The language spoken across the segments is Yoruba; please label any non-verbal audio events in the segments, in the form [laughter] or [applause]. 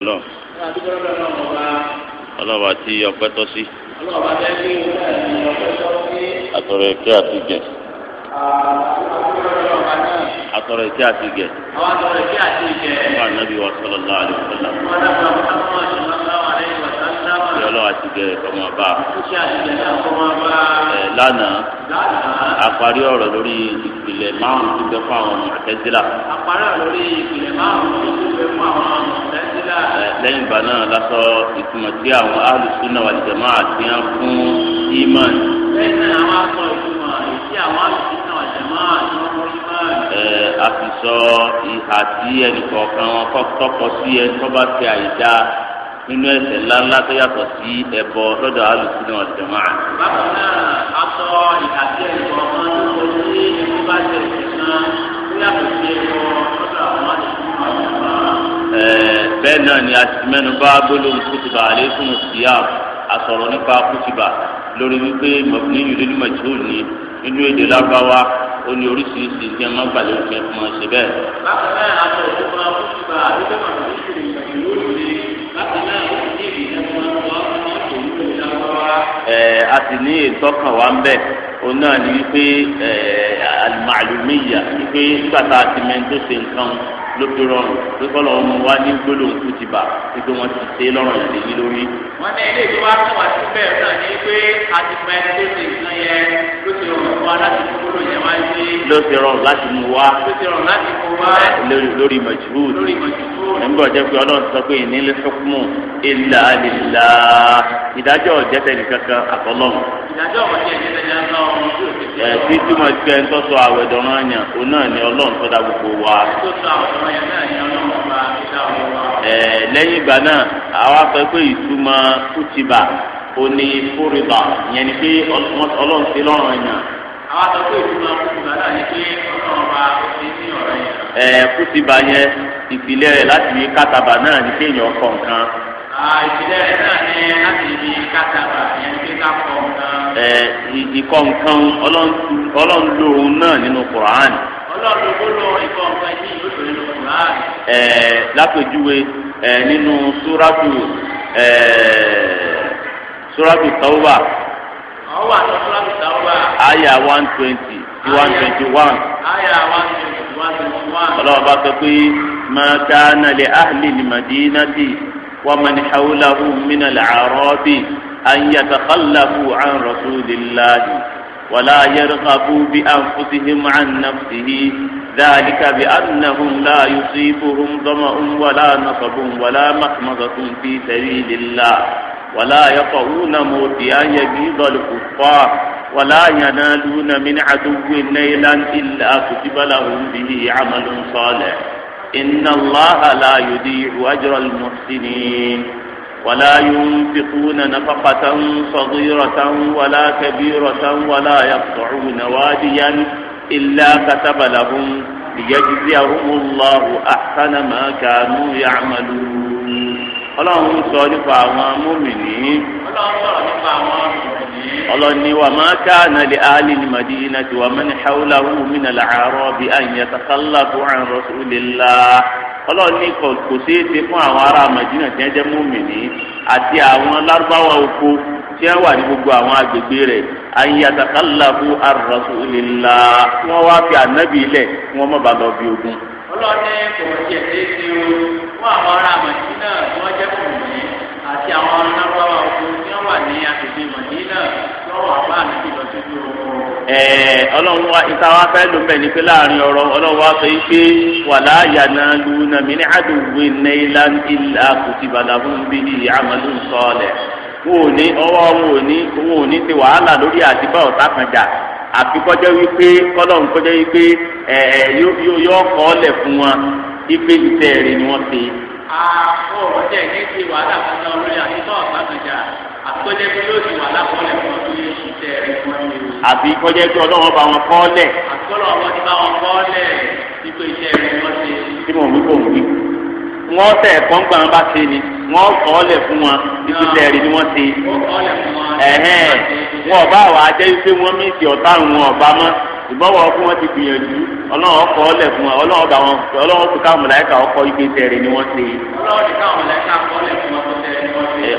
ọlọ́run. ọlọ́ba tí ọpẹ́ tọ́ sí. ọlọ́ba tẹ́ sí ọpẹ́ tọ́ sí. àtọrọ ìkẹ́ àti ìgẹ̀. àtọrọ ìkẹ́ àti ìgẹ̀. àwọn àtọrọ ìkẹ́ àti ìgẹ̀. wà nábì wa sallallahu alaihi wasallam. wọn dábàá wọn dábàá wọn sallallahu alaihi wasallam. ìyọlọ àti ìgẹ̀ ọmọ bá. ìṣe àti ìgẹ̀ náà ọmọ bá. ẹ lánàá. àparí ọ̀rọ̀ lórí ìpìlẹ̀ márùn tó fẹ́ fún àwọn Mu'tazila. àparí ọ̀rọ̀ lórí ìpìlẹ̀ márùn tó fẹ́ fún àwọn lẹ́yìn ìgbà náà lásọ ìtumọ̀ tí àwọn alùsùnà wal jamaa àti hàn fún imán. lẹ́yìn náà wọ́n á sọ ìtumọ̀ èyí àwọn alùsùnà wal jamaa àti hàn fún imán. ẹ a ti sọ ìhà tí ẹnìkọ̀ọ̀kan wọn tọkọ sí ẹ tó bá ti àyíká nínú ẹ̀ṣẹ̀ ńláńlá tó yàtọ̀ sí ẹbọ lọ́dọ̀ alùsùnà wal jamaa. bákan náà a sọ ìhà tí ẹnìkọ̀ọ̀kan tó kọ sí ẹni bá ti bẹ́ẹ̀ náà ni a ti mẹ́nu bá gbólóhùn kùtùbà àlékún síyá àsọ̀rọ̀ nípa kùtùbà lórí wípé mọ̀bìnrin yìí lórí mọ̀tò ní nínú èdè lágbáwá ó ní oríṣiríṣi tí a máa gbà lórí fẹ́ fún ọ ṣe bẹ́ẹ̀. bákan náà a sọ òkú máa kùtùbà àdúgbò màmá ìṣèlú ìlú òde bákan náà ó ti dé ìdẹ́kun a sì ní ìtọ́kàn wa ń bẹ̀ o náà ní wípé alimàlúmíyà wípé gbàtà àti mẹ́ńtó ṣe nǹkan ló fi rọrùn pé kọ́lọ̀ ọmọ wa ní gbólóhùn kú ti bà pé wọ́n ti ṣe lọ́rọ̀ ìdè yìí lórí. wọ́n ní ilé ìjọba tó wà síbẹ̀ náà ní pé àtìmọ̀ ẹni tó ti ìtàn yẹn ló ti rọrùn fún wa láti mú gbólóhùn yẹn wá sí. ló láti mú wa. ló láti mú wa. lórí mọ̀júrù. lórí mọ̀júrù. nígbà jẹ́ pé ọlọ́run sọ pé ìnílẹ̀ ṣọ́kùmù ìlà àlìlà ìdájọ́ ọ̀jẹ̀tẹ̀ nìkankan àtọ́lọ́run. ìdájọ́ ọ̀jẹ̀tẹ̀ nìkankan ọ̀hún. ẹ ti túmọ̀ ń tọ́sọ àwẹ̀ dọ̀rọ̀ àyàn náà ni ọlọ́run tó dá gbogbo wa. lẹ́yìn ìgbà náà àwa pé ìtumọ̀ kùtìbà fúrìbà ni pé ọlọ́run ti àyàn. àwa sọ pé ìtumọ̀ kùtìbà náà ni pé ọlọ́run ìpìlẹ̀ rẹ̀ láti fi kátàbà náà ní kéèyàn kọ nǹkan. ìpìlẹ̀ rẹ̀ náà ní láti fi kátàbà yẹn ní ká kọ nǹkan. ẹ ìkọ nǹkan ọlọ́run ló òun náà nínú Qur'an. ọlọ́run ló lọ ìkọ nǹkan yìí yóò tó nínú Qur'an. ẹ lápèjúwe ẹ nínú súrátù ẹ súrátù Tawba. ọwọ́ àti súrátù Tawba. àyà one twenty sí one twenty one. àyà one twenty one. ọlọ́run bá sọ pé. ما كان لأهل المدينة ومن حولهم من الأعراب أن يتخلفوا عن رسول الله ولا يرغبوا بأنفسهم عن نفسه ذلك بأنهم لا يصيبهم ظمأ ولا نصب ولا مخمضة في سبيل الله ولا يطعون موتيا يبيض الكفار ولا ينالون من عدو نيلا إلا كتب لهم به عمل صالح إن الله لا يضيع أجر المحسنين ولا ينفقون نفقة صغيرة ولا كبيرة ولا يقطعون واديا إلا كتب لهم ليجزيهم الله أحسن ما كانوا يعملون ọlọ́run ń sọ nípa àwọn mùmìnì. ọlọ́run sọ̀rọ̀ nípa àwọn mùmìnì. ọlọ́ni wa máa ká nàlẹ́ àlè ní màdínà tí wàá mẹ́ni hàwùlà wù mí nà làárọ̀ bí àyìn àtàkàlà tó àn rọ̀sùlélá. ọlọ́ni kò sí ète fún àwọn ará màdínà tí wọ́n jẹ́ mùmìnì àti àwọn lárúbáwá oko tí wọ́n wà ní gbogbo àwọn agbègbè rẹ̀ àyìn àtàkàlà tó àn rọ̀sùlélá. wọ́n wá fi ànábì ilẹ̀ wọ́n má bàa lọ bí ogun. ọlọ́ni kò tiẹ̀ déédé o fún àwọn ará màdínà tí wọ́n jẹ́ mùmí àti àwọn anáwó ọkùnrin tí wọ́n wà ní agbègbè tí wà bá lọ sí wa ìta wa pé láàrin wa sọ pé wàlá lùnà mí ní fún bí àmàlù wọn ò ní ọwọ́ wọn ò àfi kọjá wípé kọlọ́n kọjá wípé ẹ ẹ yóò kọ́ ọ lẹ̀ fún wọn ipe ìtẹ́ rẹ̀ ni wọ́n ti. àwọn ọ̀rọ̀dẹ̀ ní ti wàhálà fún ọ lórí àtúntò àgbàgbàjà àkọjá pé yóò ti wàhálà fún ọlẹ̀ fún ọdún yìí ìtẹ́ rẹ̀ fún ọ. àfi kọjá pé ọlọ́wọ́n bá wọn kọ́ lẹ̀. àkọlọ́ wọn ti bá wọn kọ́ lẹ̀ ipe ìtẹ́ rẹ̀ wọ́n ti. tí mo wí kò wí wọ́n tẹ̀ kọ́ńgbà wọn bá ṣe ni wọ́n ti. wọ́n kọ́ lẹ̀ wọn ọba àwọn ajẹ́ ife wọn méjì ọ̀tá àwọn ọba mọ́ ìgbọ́wọ́ fún wọn ti gbìyànjú ọlọ́run ọkọ̀ ọlẹ̀ fún wọn wọn ọlọ́run tó mọ̀láyíkà ọkọ̀ tẹ̀rẹ̀ ni wọ́n ṣe.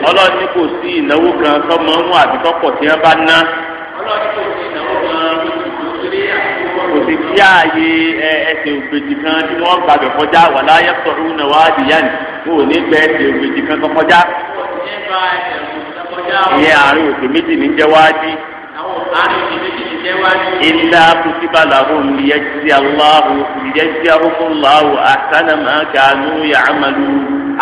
ọlọ́run kò sí ìnáwó kan tọ́mọ ń àbí tọ́pọ̀ tí wọ́n bá ná. kò sí ẹsẹ̀ kan tí ìyẹn àárín òkè méjì ní jẹ́ wájú. Ilá kutiba lahum liyajzi Allahu liyajzi Allahu ahsana ma kanu ya'malu.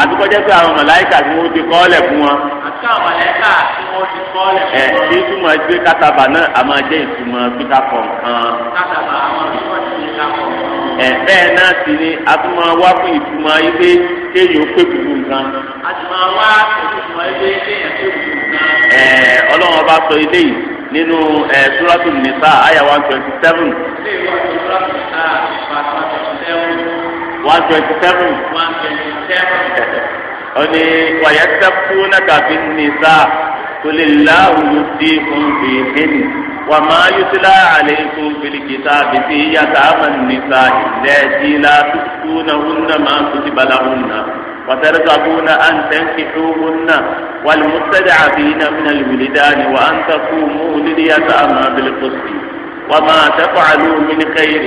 Àtúkọ́jẹ́ pé àwọn màláìkà tí wọ́n ti kọ́lẹ̀ fún wọn. Àti àwọn màláìkà tí wọ́n ti kọ́lẹ̀ fún wọn. Ẹ ṣé túmọ̀ gbé kátàbà náà a máa jẹ́ ìtumọ̀ píkà kọ̀ọ̀kan. Kátàbà àwọn ìtumọ̀ ti píkà kọ̀ọ̀kan bẹ́ẹ̀ náà sì ni a tún máa wá fún ìtumọ̀ ilé kéèyàn ó pè nǹkan. a tún máa wá ìtumọ̀ ilé kéèyàn ó pè Eh, ọlọ́run ọba sọ ilé yìí nínú eh, sùràtù nìsa àyà one twenty seven. one twenty seven. one twenty seven. ó ní wàyà sẹ́kù náà tàbí nìsa kulilahu yusikum fi hinni wa ma yutla alaykum fil kitabi fi yataman nisa illati la tusunahunna ma kutiba lahunna وترغبون أن تنكحوهن والمستدعفين من الولدان وأن تقوموا لليتامى بالقسط وما تفعلوا من خير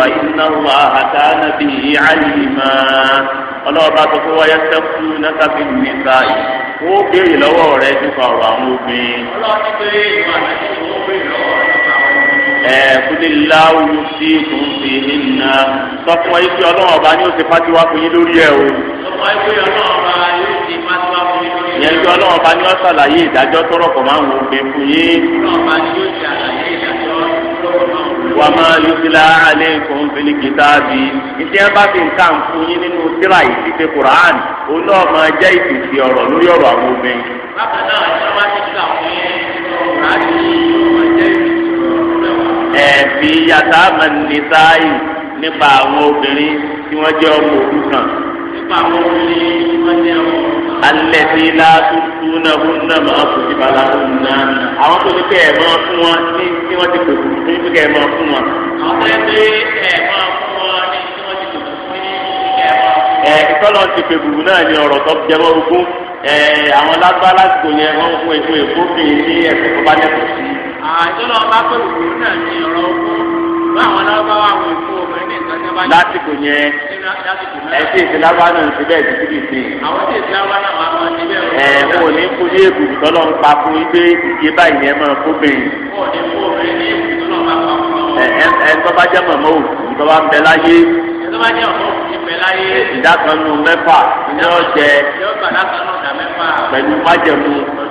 فإن الله كان به عليما ọlọ́ọ̀bá tó kó wáyé sẹ́kù náà fi mí báyìí ó béèrè lọ́wọ́ rẹ nípa ọ̀rọ̀ àwọn obìnrin. ọlọ́ọ̀ni pé ìwà àti ìwọ béèrè lọ́wọ́ nípa àwọn obìnrin. ẹ kúlẹ̀ láwùjọ sí ìkùn sí ìhìnnà sọ fún ẹ kí ọlọ́wọ́ ọba ní ó ti wá fún yín lórí ẹ o yẹn ju ọlọ́wọ́n bá ní wọ́n ṣàlàyé ìdájọ́ tó rọ̀kọ̀ máa ń wò gbé fún yín. wà á máa yusila alẹ́ nǹkan fẹ́lẹ́ kìtàbí. ìṣe bá fi nǹkan fún yín nínú tírà yìí ti Qur'an òun náà máa jẹ́ ìpèsè ọ̀rọ̀ lórí ọ̀rọ̀ àwọn obìnrin. bákan náà ìṣe wá ti kà fún yín nínú Qur'an yìí jẹ́ ìpèsè ọ̀rọ̀ lẹ́wà. ẹ̀ẹ́dì yàtá mẹ́rin ní sáà nípa àwọn obìnrin tí wọ́n jẹ́ ọmọ òrukàn alẹ́ ní látúntún náà fún náà máa fún ìbá látúntún náà. àwọn tó ní kẹ́ ẹ̀ máa fún wọn ní tí wọ́n ti kòkò fún ní kẹ́ ẹ̀ máa fún wọn. àwọn tó ní kẹ́ ẹ̀ máa fún wọn ní tí wọ́n ti kòkò fún ní kẹ́ ẹ̀ máa fún wọn. ẹ ìtọ́lọ́ ti pè bùbù náà ní ọ̀rọ̀ tó jẹ mọ́ ogún àwọn lágbá lásìkò yẹn wọ́n fún èso èkó ní ẹ̀sìn tó bá lẹ́kọ̀ọ́ sí. àìsàn náà bá pè bùbù náà ní ọ̀rọ̀ ogún báwọn alábáwá àwọn èkó obìnrin ní ìtajà bá yẹ. lásìkò yẹn ẹsẹ ìsìlábà náà ti bẹ́ẹ̀ títí di sí. àwọn tí ìsìlábà náà máa máa ti bẹ́ẹ̀ rọ. ẹ ò ní kú ní èkó tọ́lọ́ ń pa fún ibé ìdíje báyìí ẹ máa kó bẹ̀yìn. ò ní kú obìnrin ní èkó tọ́lọ́ máa pa fún ọ. ẹ ẹ tọ́ba jẹ́ mọ̀mọ́ òkú tọ́ba ń bẹ láyé. jẹ́ mọ̀mọ́ òkú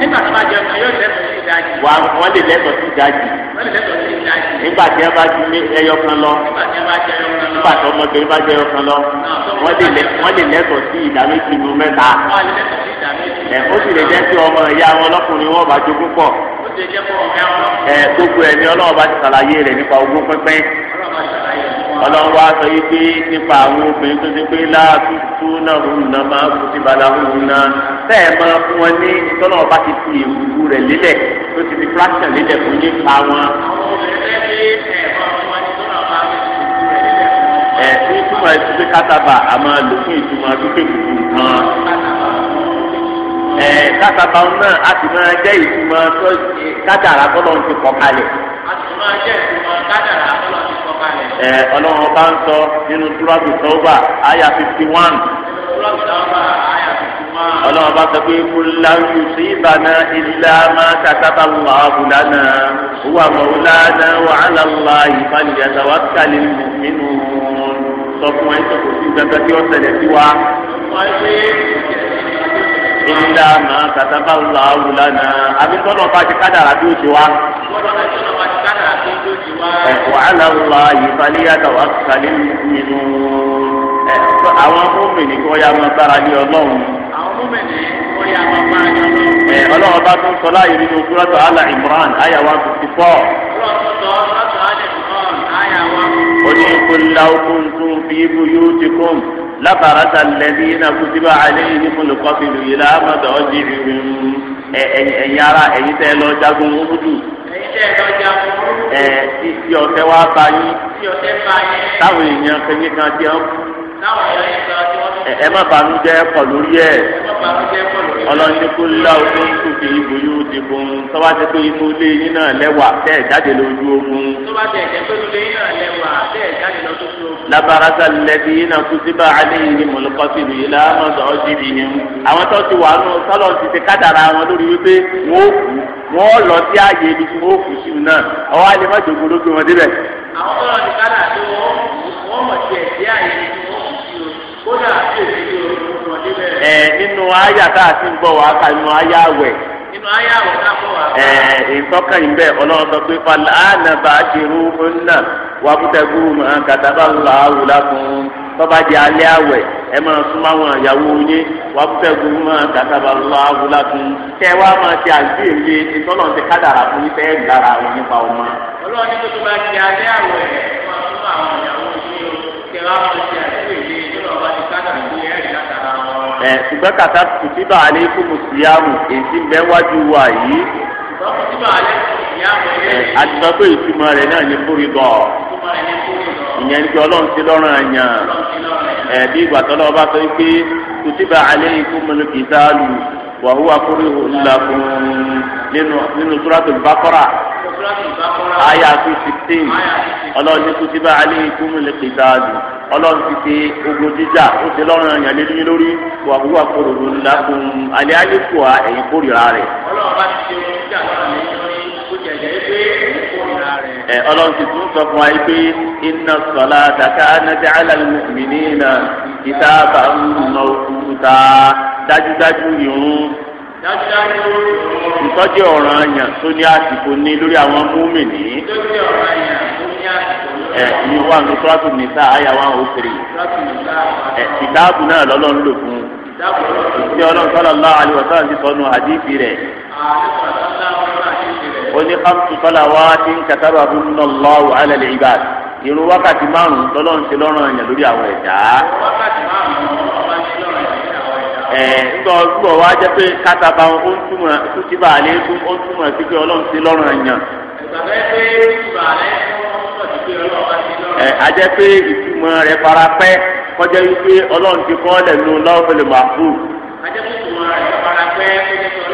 nígbà tó bá jẹ ọmọ yóò lẹ́tọ̀ọ́ sí ìdájì. wà wọ́n lè lẹ́tọ̀ọ́ sí ìdájì. wọ́n lè lẹ́tọ̀ọ́ sí ìdájì. nígbà tí wọ́n bá ju ẹyọ kan lọ. nígbà tí ọmọbìnrin bá jẹ ẹyọ kan lọ. wọ́n lè lẹ́tọ̀ọ́ sí ìdá méjì nu mẹ́ta. ẹ ó sì lè jẹ́ kí ọmọ ìyá wọn lọ́kùnrin wọn bá jogún pọ̀. ẹ gbogbo ẹ̀ ni ọlọ́run bá ti ṣàlàyé rẹ̀ nípa ogún pínpín ọlọ́run wá sọ yìí pé nípa àwọn obìnrin tó ti pé láàtúntún náà ń nà máa kú síbalá ń nà tẹ́ ẹ máa fún wọn ní ìtọ́nà ọba ti fi ìwúrú rẹ̀ lélẹ̀ tó ti fi fraction lélẹ̀ fún yín pa wọn. ẹ fún ìtumọ̀ ẹ ti fi kátàbà a máa lò fún ìtumọ̀ dúpẹ́ gbogbo kan. ẹ kátàbà náà a ti máa jẹ́ ìtumọ̀ tó kádàrá tọ́lọ́ ti kọ kalẹ̀. a ti máa jẹ́ ìtumọ̀ kádàrá tọ́lọ́ ti kọ ẹ ọlọ́run ọba ń sọ nínú túrọ́bù sọ́wọ́bà àyà fifty one. túrọ́bù sọ́wọ́bà ọlọ́run bá sọ pé kúlá yù sí ìbànú ilá máa kàtàkà lọ àbùdánà wà mọ̀wúlánà wàhálà lọ ìfàlìyàtà wà kálí nínú sọ fún ẹ sọ kò sí gbẹgbẹ tí ó ṣẹlẹ̀ sí wa. ilá máa kàtàkà lọ àbùdánà àbí sọ́nà bá ti kádàrà bí ó ti wá. wàhálà lọ ìfàlìyàtà wà kálí nínú. àwọn mọ́mìnì kí wọ́n yá máa gbára lé ọlọ́run. àwọn mọ́mìnì kí wọ́n yá máa gbára lé ọlọ́run. ẹ ọlọ́run bá tún sọ nínú kúrọ́tọ̀ ala imran aya fifty four. oní kúláwó kúntùn fi buyutikum labarata alladhina kutiba alayhimul qatlu ara tẹ́ lọ jagun bá yín táwọn èèyàn kan ẹ má bànújẹ́ pọ̀ lórí ẹ̀ ọlọ́nìkú láwù tó ń tòkè ibò yóò ti fún un tọ́wá ti pé inú ilé yín náà lẹ́wà tẹ́ ẹ̀ jáde lójú ogun. tọ́wá ti ẹ̀jẹ̀ pé inú ilé yín náà lẹ́wà tẹ́ ẹ̀ jáde lójú ogun. labarasa lẹbi iná kutiba aleyhi mọlẹkọsi lu ilá mọtò ọjìbì yẹn. àwọn tó ti wà nù sọlọ ti ti kádàrà wọn lórí wípé wọn ò kú wọn ò lọ sí ààyè ibi tí wọn ò kú sí i náà ọwọ́ àlè má jogun ló wọn débẹ̀. àwọn tó ẹ nínú àyà tá a ti ń gbọ́ wàá ka nínú àyà wẹ̀. nínú àyà wẹ̀ náà kọ́ wàá. ẹ ìtọ́ka yìí bẹ́ẹ̀ ọlọ́run sọ pé falẹ̀ ńnà tọ́ba di alẹ́ àwẹ̀ ẹ máa súnmọ́ àwọn yín kàtàbà wá máa ti ìtọ́nà ti kádàrà fún yín fẹ́ẹ́ àwọn ẹ ṣùgbọ́n kàtà kùtìbà alẹ́ kó mo sì yá mu èyí bẹ́ẹ̀ wájú wa yìí. àtìmọ́ pé ìtumọ̀ rẹ̀ náà ní kórì bọ̀ ìyẹn ní kí ọlọ́run ti lọ́rùn àyàn ẹ̀ bí ìgbà tọ́lọ́ bá sọ pé kùtìbà alẹ́ kó mo lè kì í sáà lù wàhùwà kúrìhù ńlákùn nínú nínú sùràtù bàkọ́rà àyà tó sixteen ọlọ́run ní kùtìbà alẹ́ ìkúmù lè pè dáadù ọlọ́run ti ṣe ogun jíjà ó ṣe lọ́rùn ẹ̀yàn lẹ́nu lórí wàhùwà kúrìhù ńlákùn alẹ́ àlékùá ẹ̀yìn kórìíra rẹ̀. ọlọ́run bá ti ṣe ogun jíjà lọ́rùn lẹ́yìn lórí kó jẹ̀jẹ̀ pé ẹ̀yìn ẹ ọlọ́run ti tún sọ fún wa pé iná sọlá dàkà nàdàlá mùmìnira kìtàbà mọ̀ọ́kúta dájúdájú ìrun ìtọ́jú ọ̀ràn àyàn tó ní àsìkò ní lórí àwọn múmìnì ẹ̀ ní wà ní sọ́ọ́tù nìta àyà wà ó kiri ẹ̀ kìtàbù náà lọ́lọ́run lò fún un ìṣe ọlọ́run sọ́lọ́ lọ́wọ́ àlè wọ́n sọ́ọ́tù ti sọnù àdìsí rẹ̀ ó ní kàmtù sọ́lá wá ti ń kàtàbà fún náà lọ́wọ́ àlẹ́ lè ibà irun wákàtí márùn lọ́lọ́run ṣe lọ́rùn ẹ̀yàn lórí àwọn ẹ̀dá. wákàtí márùn ọba ṣe lọ́rùn ẹ̀yàn lórí àwọn ẹ̀dá. ẹ̀ ńgbọ́ ńgbọ́ wá jẹ́ pé kátàbà ó ń túmọ̀ kútìbà àlẹ́ ó ń túmọ̀ sí pé ọlọ́run ṣe lọ́rùn ẹ̀yàn. ìgbàgbẹ́ pé kútìbà àlẹ́ ẹ̀ ajẹ́ pé ìtumọ̀ rẹ̀ farapẹ́ kọjá wípé ọlọ́run ti kọ́ lẹ̀ nù lọ́wọ́ fẹlẹ̀ máa kú. ajẹ́ pé ìtumọ̀ rẹ̀ farapẹ́ kọjá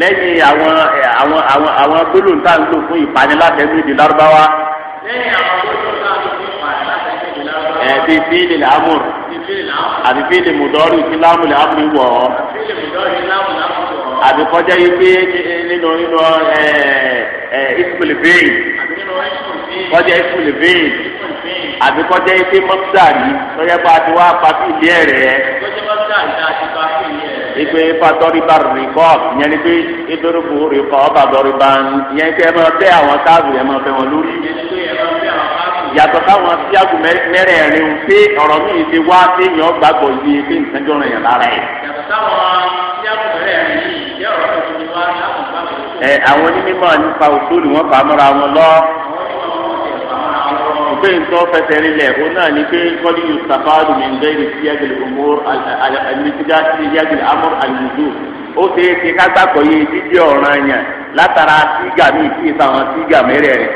lẹ́yìn àwọn eh, àwọn àwọn àwọn gbólóhùn tá à ń lò fún ìpanilátẹ̀mí ìdí lárúbáwá. lẹ́yìn àwọn gbólóhùn tá à ń lò fún ìpanilátẹ̀mí ìdí lárúbáwá. ẹ̀ eh, bíi fíìlì làámù àbí fíìlì mùdọ́rù ìfìlámù làámù wọ̀ ọ́. àbí kọjá yìí pé eh, nínú nínú ẹ ẹ ìfúlì bẹ́ẹ̀ kọjá ìfúlì bẹ́ẹ̀ àbí kọjá yìí pé mọ́tàrí lọ́yẹ́ bá a ti wá pa fíìlì ẹ̀ rẹ̀. kọjá mọ́tàrí ipe fatọ́ríba rìkọ́ ìyẹn ni pé ìdórúkú rìkọ́ ọ̀bàdọ́ríba ìyẹn kẹ́ ẹ máa bẹ́ àwọn káàbù yẹn máa bẹ́ wọn lórí. yàtọ̀ táwọn síàgù mẹ́rẹ̀ẹ̀rin pé ọ̀rọ̀ mi ti wá pé yàn gbàgbọ́ yìí pé nǹkan jọ̀rọ̀ yẹn lára ẹ̀. yàtọ̀ táwọn síàgù mẹ́rẹ̀ẹrin yìí jẹ́ ọ̀rọ̀ tuntun ni wá láwọn gbàgbọ́. ẹ àwọn onímọ̀ nípa òṣèlú wọn fà á mọ́ra wọn lọ. àwọn onímọ̀ pé nǹkan fẹsẹ̀ rinlẹ̀ o náà ní pé kọ́lí yóò sàfáàdù mi nbẹ́ ní síyájìlì ọmọr àlùmísíjá síyájìlì amọ̀r àlùmísù ó ṣe é ṣe ká gbàgbọ́ yé dídí ọ̀ràn látara sígà kí sígà ta àwọn ṣe ká gbàgbọ́ yé dídí ọ̀ràn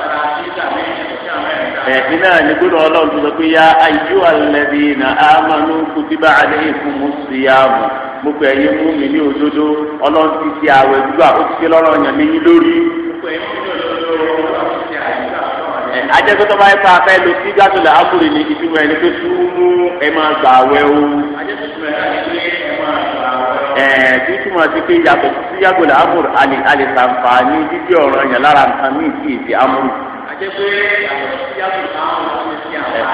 látara sígà ya ayú alẹ́bí ọrụ amánú mo pè ajẹ́ tó tọ́ba ẹ̀ka afẹ́ lo sí gàdùn là ákùrì ní ìtumọ̀ ẹni pé túmú ẹ máa gbà wẹ́ o. ẹ̀ẹ́ tí túmọ̀ sí pé yàtọ̀ sí yàgò là ákùrì àlè àlè sàǹfààní dídí ọ̀rọ̀ yẹn lára nǹkan míì sí èsì ámúrù.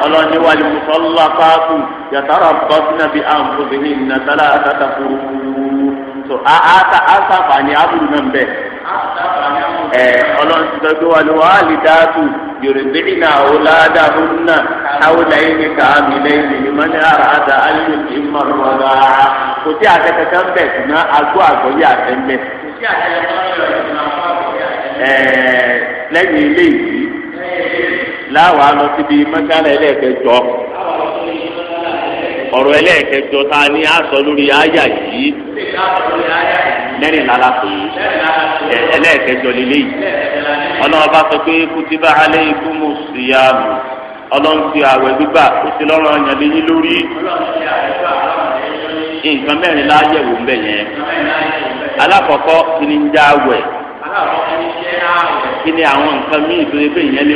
ọlọ́run ní wàlí mùsọ́lá fáàkù yàtàrà bọ́sínà bíi àǹfọ̀sìn ìnà sálà àtàtà fúru. so a a ta a sàǹfààní ámúrù náà bẹ́ẹ̀. a sàǹfààní ámúrù ọlọ́run ti sọ pé wà wà á lè dáàtú yorùbá iná ọ̀làdà húnà káwọlà yìí káàmì lẹ́yìn ní mọ́ni ara àdá ayé ti ń kò sí àṣẹ kankan bẹ̀ ṣùgbọ́n agbó àgbọ̀yé àṣẹ ń bẹ̀. lẹ́yìn ilé yìí láwa lọ síbi ni a sọ lórí àyà yìí. mẹ́rin lára pé ẹlẹ́ẹ̀kẹjọ lílé yìí ọlọ́run bá sọ pé kutiba alaykumu siyam ọlọ́run ti àwẹ̀ gbígbà ó ti lọ́rọ̀ ọ̀yàn dị lórí nǹkan mẹ́rin láyẹ̀wò ń yẹn alákọ̀ọ́kọ́ kí ni ń já àwẹ̀ kí ni àwọn nǹkan míì tó yẹ pé ìyẹn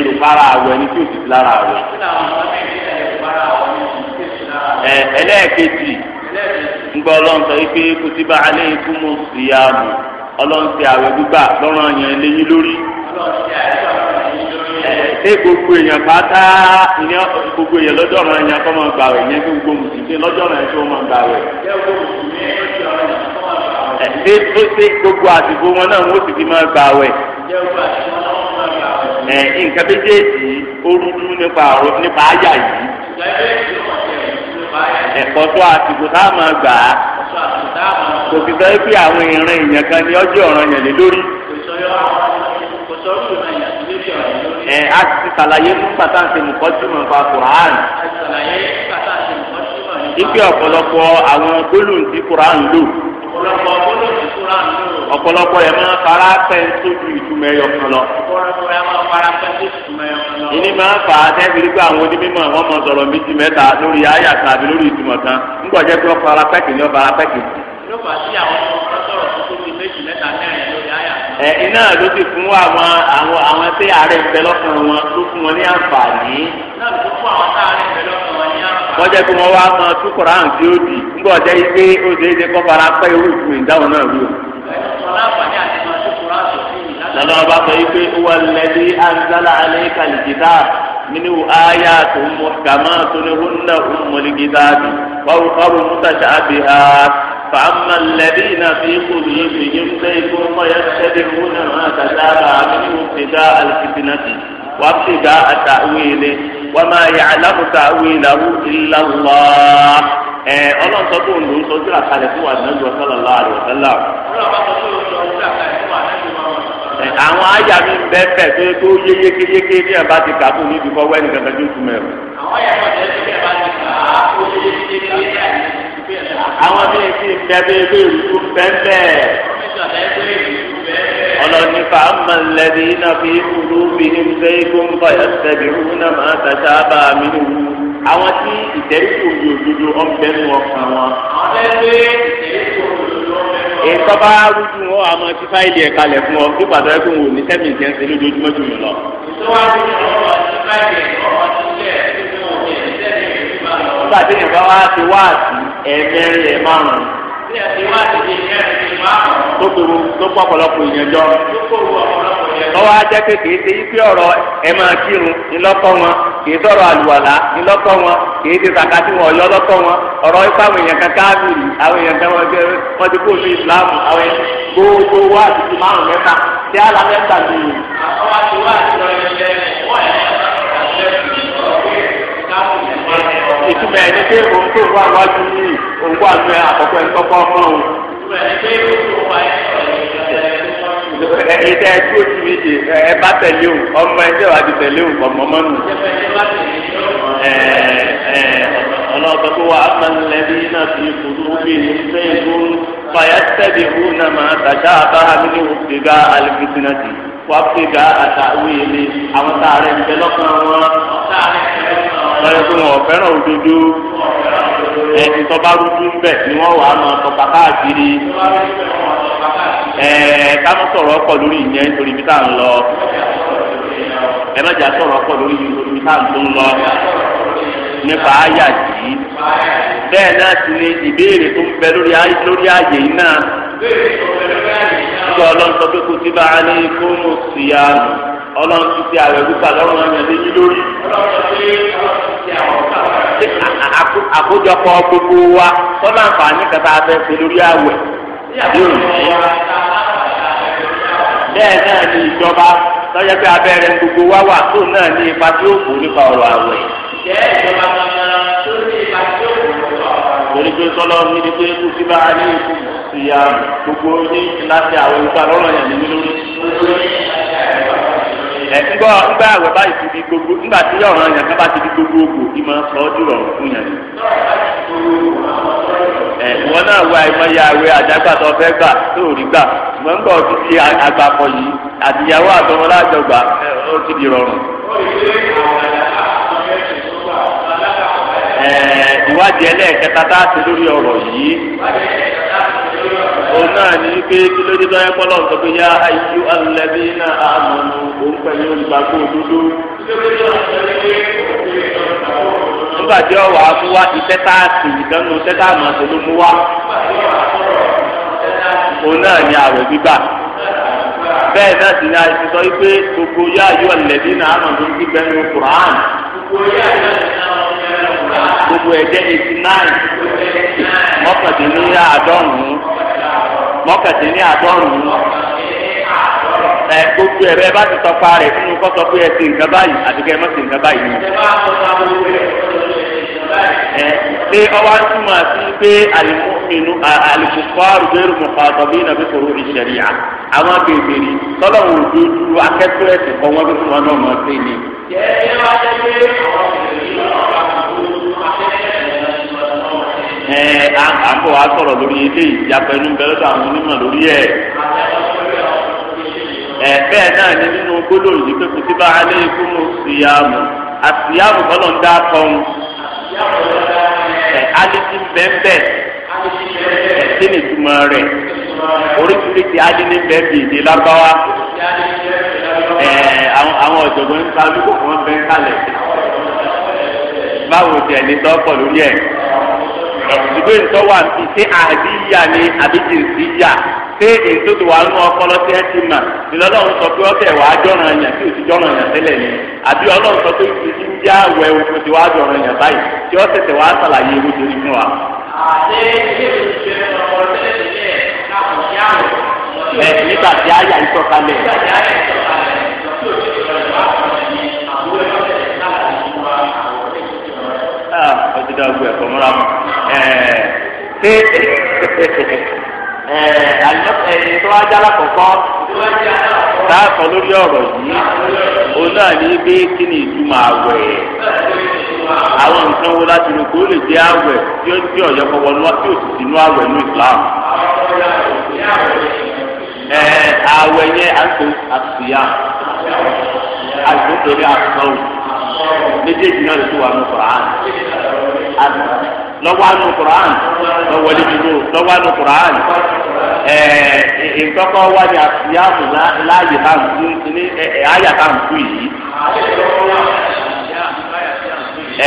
àwẹ̀ ní kí lára àwẹ̀ ńgbọ́ ọlọ́run sọ wípé kùtìbà alẹ́ ikú mu sí i àmù ọlọ́run ti àwẹ̀ gbígbà lọ́rọ̀ yẹn léyìn lórí. ṣé gbogbo èèyàn pátá ní gbogbo èèyàn lọ́jọ́ ọ̀rọ̀ yẹn kọ́ máa gbà wẹ̀ yẹn kí gbogbo mùsùlùmí lọ́jọ́ ọ̀rọ̀ yẹn kí wọ́n máa gbà wẹ̀. ṣé ó ṣe gbogbo àsìkò wọn náà wọ́n sì ti máa gbà wẹ̀. nǹkan méjèèjì ó rújú nípa àyà yìí ẹ̀kọ́ tó àsìkò tá a máa gbà á kò sì sọ pé àwọn ìran èèyàn kan ní ọjọ́ ọ̀ràn yẹn lé lórí. ẹ a ti ṣàlàyé fún pàtàkì nǹkan tí mo fa Quran ipe ọ̀pọ̀lọpọ̀ àwọn gbólóhùn tí Quran lò. ọ̀pọ̀lọpọ̀ gbólóhùn tí Quran lò ọ̀pọ̀lọpọ̀ yẹn máa fara pẹ́ sójú ìtumọ̀ ẹyọ kan lọ. ọ̀pọ̀lọpọ̀ yẹn máa fara pẹ́ sójú ìtumọ̀ ẹyọ kan lọ. ìní máa fà á tẹ́sí wípé àwọn onímọ̀ wọn máa sọ̀rọ̀ méjì mẹ́ta lórí àyà tàbí lórí ìtumọ̀ kan ńgbọ̀ jẹ́ pé ó fara pẹ́ kì ní ó fara pẹ́ kì. ló fà sí àwọn ọmọ sọ̀rọ̀ tó tóbi méjì mẹ́ta mẹ́rin lórí àyà iná ló ti fún àwọn àwọn àwọn tí ààrẹ ìfẹ́ lọ́kàn wọn tó fún wọn ní àǹfààní. náà ló fún àwọn tí ààrẹ ìfẹ́ lọ́kàn wọn ní àǹfààní. wọ́n jẹ́ kí wọ́n wá mọ túkọ̀rọ̀ àǹtí òdì ńgbọ́ jẹ́ ike ó ṣeé ṣe kọ́ fara pẹ́ irú ìfún ìdáhùn náà wí o lọ́nà ọba sọ yìí pé wà lẹ́dí anzala alayka alkitab minnu aya tó mú kàmá tó ní húnna ummul kitabi fáwọn mutashabiha فأما الذين في قلوبهم زيغ فيتبعون ما تشابه منه ابتداء الفتنة وابتداء تأويله وما يعلم تأويله إلا الله ẹ ọlọ́run sọ pé òun lòún sọ sí àkàlẹ̀ fún wa nàbí wa sọlọ lọ àlè ọ̀sẹ́lá. àwọn àyà mi ń bẹ́ẹ̀ bẹ́ẹ̀ tó yẹ kó yé yékéyéké ní ẹ̀ bá ti kà fún níbi kọ́ wẹ́ni kankan tó kú mẹ́rin. àwọn àyà mi bẹ́ẹ̀ bẹ́ẹ̀ bá ti kà á kó yé yékéyéké ní ẹ̀ àwọn mi ti ń bẹ́ẹ̀ bẹ́ẹ̀ bẹ́ẹ̀ rú ọlọ́ni fàámà lẹ́dí iná fi kúrú ní sẹ́yìn àwọn tí ìtẹ̀ríkù ojú òdodo ọ̀bẹ̀nu ọkàn wọn. àwọn ẹgbẹ́ ìtẹ̀ríkù òdodo ọ̀bẹ̀nu ọkàn. ètò bá rújú wọn àmọ́ tí fáìlì ẹ̀ka lẹ̀ fún ọ nígbà tó yẹ kó wọn ò ní sẹ́mi ìjẹun sí lójoojúmọ́ jù mí lọ. nígbà tí ìgbà wa ti wá àti ẹ̀ẹ́mẹ́rin ẹ̀ márùn-ún. tó kòrò tó pọ̀ ọ̀pọ̀lọpọ̀ ìyẹn jọ. tó kòrò ọ̀pọ̀lọpọ̀ tọ́wọ́ ajẹ́ pé kìí ṣe ife ọ̀rọ̀ ẹ máa kírun ńlọ́kọ́ wọn kìí sọ̀rọ̀ àlùwàlá ńlọ́kọ́ wọn kìí ṣe sàkátì wọn ọ̀yọ́ lọ́kọ́ wọn ọ̀rọ̀ ipa àwọn èèyàn kan káàbìrì àwọn èèyàn kan wọn ti kó àwọn gbogbo wa márùn ìdá ẹtú òtún mi ṣe ẹ bá o ọmọ ẹjẹ wa ti tẹ̀lé o ọmọ ọmọ nù. ọlọ́ọ̀tọ́ tó wà á máa ń náà fi sẹ́yìn tó ń fàyà tẹ̀lé o náà máa tàṣà àbáhà mi ní òkèga àlùfíìsínà sí wàkèga àtàwé ilé àwọn táàrẹ̀ ń bẹ lọ́kàn wọn. lọ́yẹ̀ tó wọn òdodo ń bẹ̀ ni wọ́n wà á máa ẹ̀ẹ́ eh, kámú sọ̀rọ̀ lórí ìyẹn nítorí ibi tá lọ ẹ ọkọ jà lórí ibi tá à ń tún lọ yìí bẹ́ẹ̀ náà ni ìbéèrè tó ń bẹ lórí yìí náà sọ ọlọ́run pé kò sí a ní kó mo sì ti àwẹ̀ gbígbà lọ́rùn lórí. àkójọpọ̀ gbogbo wa sọ́nà àǹfààní bẹ́ẹ̀ náà ni ìjọba lọ́jọ́ pé abẹ́rẹ́ gbogbo wa wà tó náà ní ipa tí ó kù nípa ọ̀rọ̀ àwẹ̀. ǹjẹ́ ìjọba kankan tó ní ipa tí ó kù nípa ọ̀rọ̀ àwẹ̀. torí pé sọlọ́ mi ni pé kú a ní ikú ya gbogbo ní láti àwọn ìgbà lọ́rọ̀ yẹn nínú ńgbà àwẹ̀ báyìí gbogbo ńgbà tí yẹn ká ẹ wọn náà wá ẹ mọyà àwẹ àdágbà tó fẹ́ gbà tó rí gbà ṣùgbọ́n ń bọ̀ yìí àtìyàwó àtọmọ lájọgbà ó ti di rọrùn. ìwádìí ẹlẹ́ẹ̀kẹta tá a ti lórí ọ̀rọ̀ yìí òun náà ní pé kí ló dé tó yẹ kọ́lọ́ nígbà tí wà á mú wá iṣẹ́ tá a sì ìdánù iṣẹ́ tá a ló mú òun náà ni àwẹ̀ gbígbà bẹ́ẹ̀ náà sì ni a ti sọ wípé gbogbo yá yọ náà gbogbo eighty nine ún ún ẹ gbogbo ẹ bẹ bá ti sọ pa rẹ nínú kó sọ pé ẹ ti nǹkan báyìí àti kẹ ẹ má ti nǹkan báyìí ni. ẹ ṣé ọwọ́ ń túmọ̀ sí pé àlùmọ́nù àlùkùkọ́ àrùbẹ́rù mọ̀kàtọ̀ bí nàbí kòrò ìṣẹ̀lẹ̀ à àwọn bèbèrè tọ́lọ̀ wò dúdú akẹ́kọ̀ọ́ ẹ̀sìn kọ́ wọn fífún wọn náà mọ̀ sí ni. ẹ àpò àsọ̀rọ̀ lórí ilé ìjàpẹ̀nu bẹ́ẹ̀ lọ́dọ̀ àwọn onímọ̀ lórí ẹ̀ ẹ eh, bẹ́ẹ̀ náà ni nínú gbólóhùn yìí pé kò sí bá alẹ́ ikú mu síyàmù àsíyàmù bọ́lọ̀ ń dá kọ́hún ẹ eh, alẹ́sí bẹ́ẹ̀ ẹ sí eh, ni ìtumọ̀ rẹ̀ oríṣiríṣi alẹ́ni bẹ́ẹ̀ bì ní lábáwá ẹ àwọn ọ̀jọ̀gbọ́n ń ta olúkọ̀ fún ọ́n bẹ́ẹ̀ kalẹ̀ báwo tiẹ̀ ní sọ́kọ̀ lórí ẹ̀ ṣùgbọ́n ìtọ́wà ti ṣe àdíyà ni àbíjì ń síyà. ṣé èso ti wà nù ọpọlọ tí ẹ ti mà ìlọlọ́run sọ pé wàá tí òsì jọ̀ràn yàn tẹ́lẹ̀ ni àbí ọlọ́run sọ pé ń já wàá báyìí tí ó tẹ̀sẹ̀ wàá sàlàyé ewu tó fún wa. àti ilé ìṣẹ́ ọ̀pọ̀ tẹ́lẹ̀ tẹ́lẹ̀ káàkiri yàwó. ẹ nígbà tí nígbà tí [laughs] ẹni eh, eh, tó wá jálá kọ̀ọ̀kan dáàkọ̀ lórí ọ̀rọ̀ yìí o náà ní bí kí ni ìtumọ̀ àwẹ̀ àwọn nǹkan wo láti rò kó lè jẹ́ àwẹ̀ tí ó ti ọ̀yọ́ fọwọ́ lọ́wọ́ tí ó sì sínú àwẹ̀ ní Islam. Eh, àwẹ̀ yẹn àti àti nítorí méjèèjì náà lè tó wà ní lọ́wọ́ àánú Qur'an lọ́wọ́ níbirú lọ́wọ́ àánú Qur'an ẹ̀ẹ́ ìtọ́kọ́ wájú àfihàn láàyè bá ń kú ní àyà bá ń kú yìí.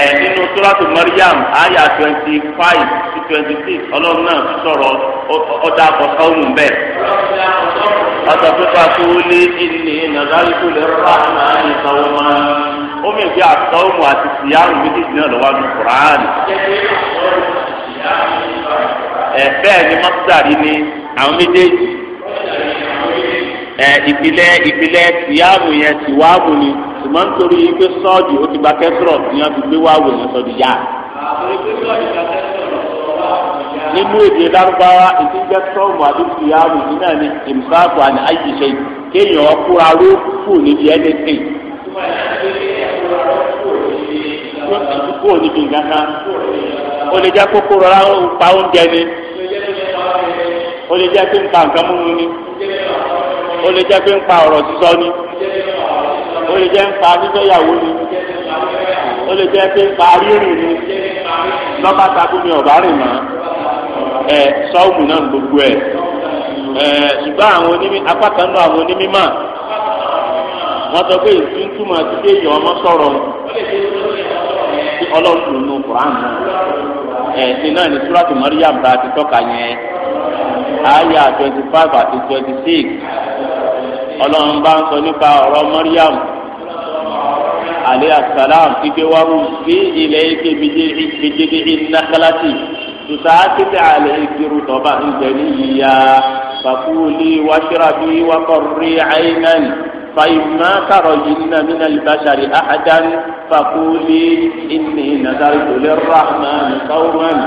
ẹ̀ nínú sọ́láàtù Maryam àyà twenty five twenty six ọlọ́run náà sọ̀rọ̀ ọ̀dà àkọ́kọ́ òun bẹ́ẹ̀. ọ̀sán pípa ní máa ń. ó mi gbé àtọ́wò àti síyáàmù méjèèjì náà lọ́wọ́ ní kuraani. ẹ bẹ́ẹ̀ ni mọ́tàrí ni àwọn méjèèjì ẹ ìpìlẹ̀ ìpìlẹ̀ síyáàmù yẹn ti wá wò ni ṣùgbọ́n nítorí pé sọ́ọ̀dì ó ti gba kẹ́sìrọ̀ ní wọ́n fi gbé wá wò ní yá. nínú èdè lárúbáwá ìdíjẹ́ sọ́ọ̀mù àti síyáàmù yìí náà ni ìmùsáàbù àni àyíṣe kéèyàn ọkùnrin arúgbó níbi ẹni pè. kúrò níbi nǹkan kan ó lè jẹ́ kókó rọra ń pa oúnjẹ ni o lè jẹ́ pé ń pa nǹkan múmu ni ó lè jẹ́ pé ń ni o lè ń pa nígbẹ̀yàwó ni lè pé ń pa ni lọ́ba takú ni ọ̀bá gbogbo ẹ̀ ṣùgbọ́n àwọn onímọ̀ apá kan wọ́n sọ pé ìsún túmọ̀ sí pé èèyàn ọmọ sọ̀rọ̀ ọlọ́run nù Kùránì ẹ̀sìn náà ní súrátù Maryam bá ti tọ́ka yẹn àyà twenty five àti twenty six ọlọ́run bá ń sọ nípa ọ̀rọ̀ Maryam alẹ́ asalaam kíkẹ́ wá rú sí ilẹ̀ ike méjèèjì ìnákálásì tùsáàkìtì alẹ́ ìkírù tọ́ba ń jẹ níyìí ya fàkúlì wáṣírà bíi wákọ̀rí àyínán fàyìmá kàrọ̀ yìí nà mí nà lùbáṣàrì àhàdán fàkúlì ìní nàdàrí tòlè rahman sọ́wọ́n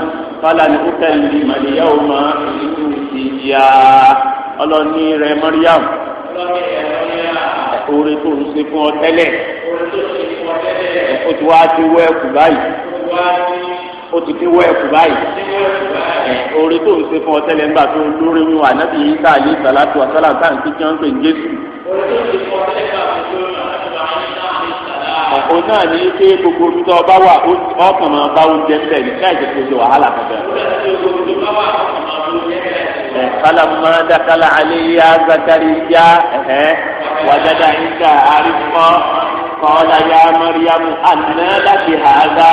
fàlànà òkèlè màlìyàwó ma ìlú ìyá ọlọ́ni rẹ̀ mọ́ríyàm. orí tó ń ṣe fún ọ tẹ́lẹ̀ ó ti wá ti wọ ẹkù báyìí ó ti ti wọ ẹkù báyìí orí tó ń ṣe fún ọ tẹ́lẹ̀ nígbà tó lórí wíwà náà sáà yí sàlátù àsálà sáà ń kíkí ọ́n pè ń jésù òun náà ní pé gbogbo omi tó ọba wà ọkàn máa bá oúnjẹ ńlẹ̀ yìí láì jẹ́ gbogbo wàhálà kankan. kálámà dákàlà àléyá zakariya wàdàdà ìjà àrífọ́ kọ́ọ́lá yá mọ́ríyámù àná láti hàá dá.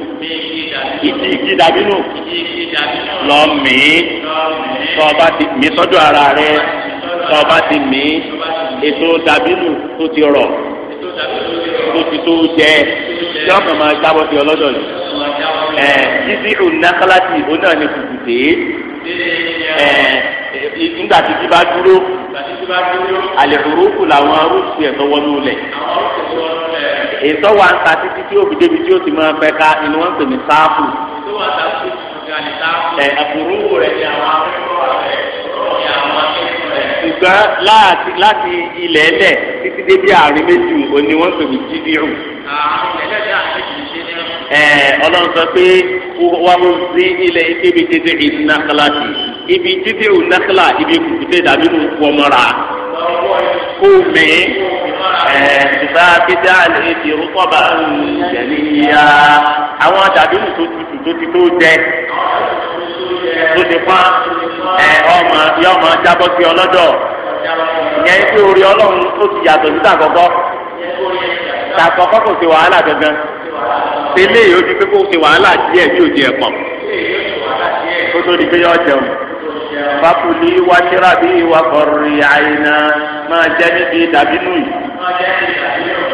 ìdí igi dàbínú lọ mìí tọ́ ọba ti mí sọ́dọ̀ ara rẹ tọ́ ọba ti mí ètò dàbínú tó ti rọ̀ tó ti tó jẹ tí wọ́n kàn máa jábọ̀ sí ọlọ́dọ̀ yìí ẹ̀ títí ònàkàlàtì ònà ni kùkùté ẹ̀ nígbà tí kí bá dúró àlè òrókù làwọn arúgbó ẹ̀ tọwọ́ nù lẹ̀ ètò wa ń ta títí tí òbí débi tí ó ti máa pẹ́ ká inú wọn pè ní sáàpù. tó wà tá a ti gbà ní sáàpù. ẹ àbúrò rẹ̀ ni àwọn akẹ́kọ̀ọ́ rẹ̀ ni àwọn akẹ́kọ̀ọ́ rẹ̀. ṣùgbọ́n láti láti ilẹ̀ ẹlẹ̀ títí débi àárín méjì òní wọn pè ní jíbíù. àwọn ẹlẹ́dẹ̀ àti ìṣẹ́ náà. ẹ ọlọ́run sọ pé wà ó sí ilẹ̀ ibi kúmi ẹ̀ẹ́dìbá dídá èdè rúkọ̀bà ìjẹ̀líya àwọn dàbínú tó tutù tó ti tó jẹ tó ti pọ́n ẹ̀ ọmọ yọmọ jábọ́ sí ọlọ́dọ̀ ìyẹn tí orí ọlọ́run ó ti yàtọ̀ níta kọ́kọ́ tàkọ́kọ́ kò sí wàhálà gangan tẹ́lẹ̀ yìí ó ti pé kó sí wàhálà díẹ̀ bí òjì ẹ̀ pọ̀ kó tó di pé yọ jẹun. fakuli wa wakọri àyìnà máa jẹ níbi dàbínú yìí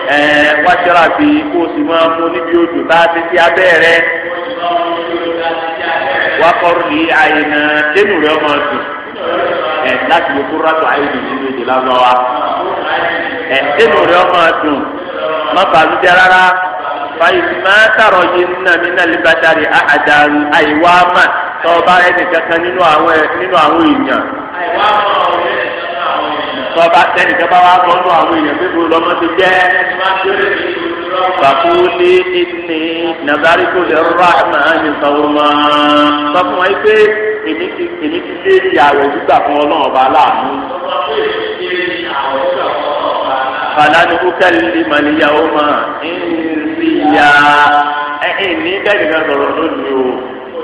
ẹ ɛɛ kó o sì ma mú níbi odò bá a ti fi abẹ́ rẹ rẹ dùn láti lè nínú wa ẹ dénú rẹ ọmọ dùn má bàlújẹ rárá fàyè má tàrọ yìí nínú àmì náà àyíwá tọ́ ọba ẹni kankan nínú àwọn nínú àwọn èèyàn. tọ́ ọba ẹni kankan wá sọ nínú àwọn èèyàn pé kò lọ́mọ ti jẹ́. Fàkúlé ní Nàzárí kò lè rà máa ní sọ́wọ́mọ́. Sọ fún wọn pé èmi ti èmi ti lé ìyàwó gbígbà fún ọlọ́run ọba aláàánú. Fàlà ni ó kẹ́lẹ́ máa ń rí ya. Ẹ ẹ̀ ní bẹ́ẹ̀ ni ká sọ̀rọ̀ lónìí o.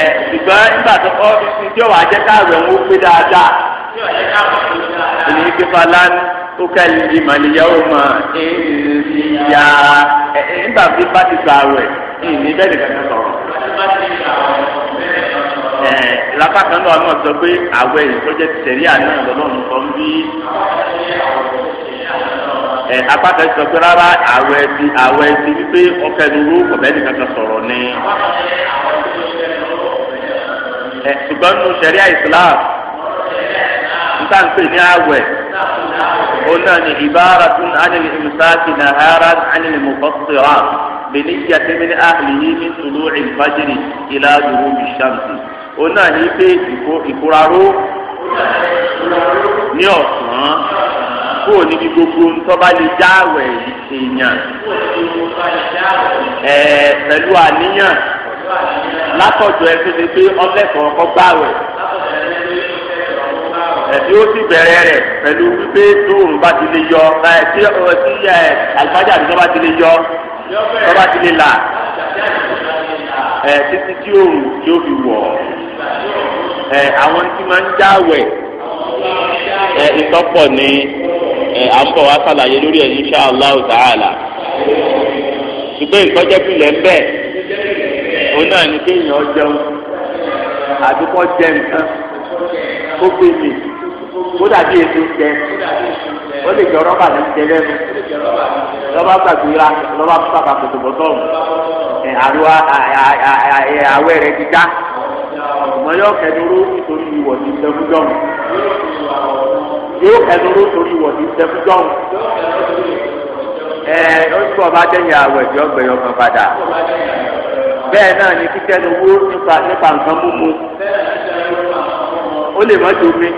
ẹ ṣùgbọ́n nígbà tó kọ́ fífi tí òwò ajẹ́ káàrọ̀ ń pé dáadáa ìní kíkọ́ lánà ó kẹ́lí ìmọ̀lẹ́yà ó mọ̀ ìyá nígbà tí bá ti gbà ìní bẹ́ẹ̀ nìkan kan sọ̀rọ̀. ẹ lápá kan náà náà sọ pé àwẹ̀ ìtọ́jẹ́ ti tẹ̀lé àná lọ́lọ́run sọ ń bí ẹ sọ pé rárá àwẹ̀ ti àwẹ̀ ti wípé ni sọ̀rọ̀ ni. ẹ eh, ṣùgbọ́n nínú sẹ̀ríà islam níta ń pè ní àwẹ̀ ó náà ní ìbára tún ánìlì ìmùsáàkì nàhárà ánìlì mùfọ́sirà bẹ̀ni ìyá tẹ́mẹ́lẹ́ àhìlì ní tùlù ìfàjìrì ìlà dùrù bìṣàmùsì ó náà ní pé ìkóraró ní ọ̀sán kó o níbi gbogbo ntọ́ba lè já àwẹ̀ èèyàn ẹ̀ eh, pẹ̀lú àníyàn látọ̀dọ̀ ẹ tó ti pé ọlẹ́kọ̀ọ́ kọ́ gbáwẹ̀ ẹ̀sìn ó sì bẹ̀rẹ̀ rẹ̀ pẹ̀lú wípé tóun bá ti lè yọ tí àlùfáàjà àti tọ́ba ti lè yọ tọ́ba ti lè là ẹ̀ títí tí òun yóò fi wọ̀ ẹ̀ àwọn tí máa ń jáwẹ̀ ẹ̀ ìtọ́pọ̀ ni à ń bọ̀ wá sàlàyé lórí ẹ̀ insha Allah ta'ala ṣùgbọ́n ìkọ́jẹ́pìlẹ̀ ń bẹ òun náà ní kéèyàn jẹun àti kọ́ jẹ nǹkan kó gbé mi kó dàbí èso jẹ ó lè jọ rọ́bà ní jẹ lẹ́nu lọ́ba gbàgbé lọ́ba pàpà kòtò bọ́tọ̀ àríwá àwẹ̀ rẹ̀ ti dá ṣùgbọ́n yóò kẹdúró nítorí ìwọ̀ ní sẹ́fúdọ́mù yóò kẹdúró nítorí ìwọ̀ ní sẹ́fúdọ́mù ẹ̀ ó sọ ọba dẹ́yìn àwẹ̀ tí ọgbẹ̀yọ̀ kan padà bẹ́ẹ̀ náà ni títẹ́ lówó nípa nípa nǹkan mímu ó lè má domi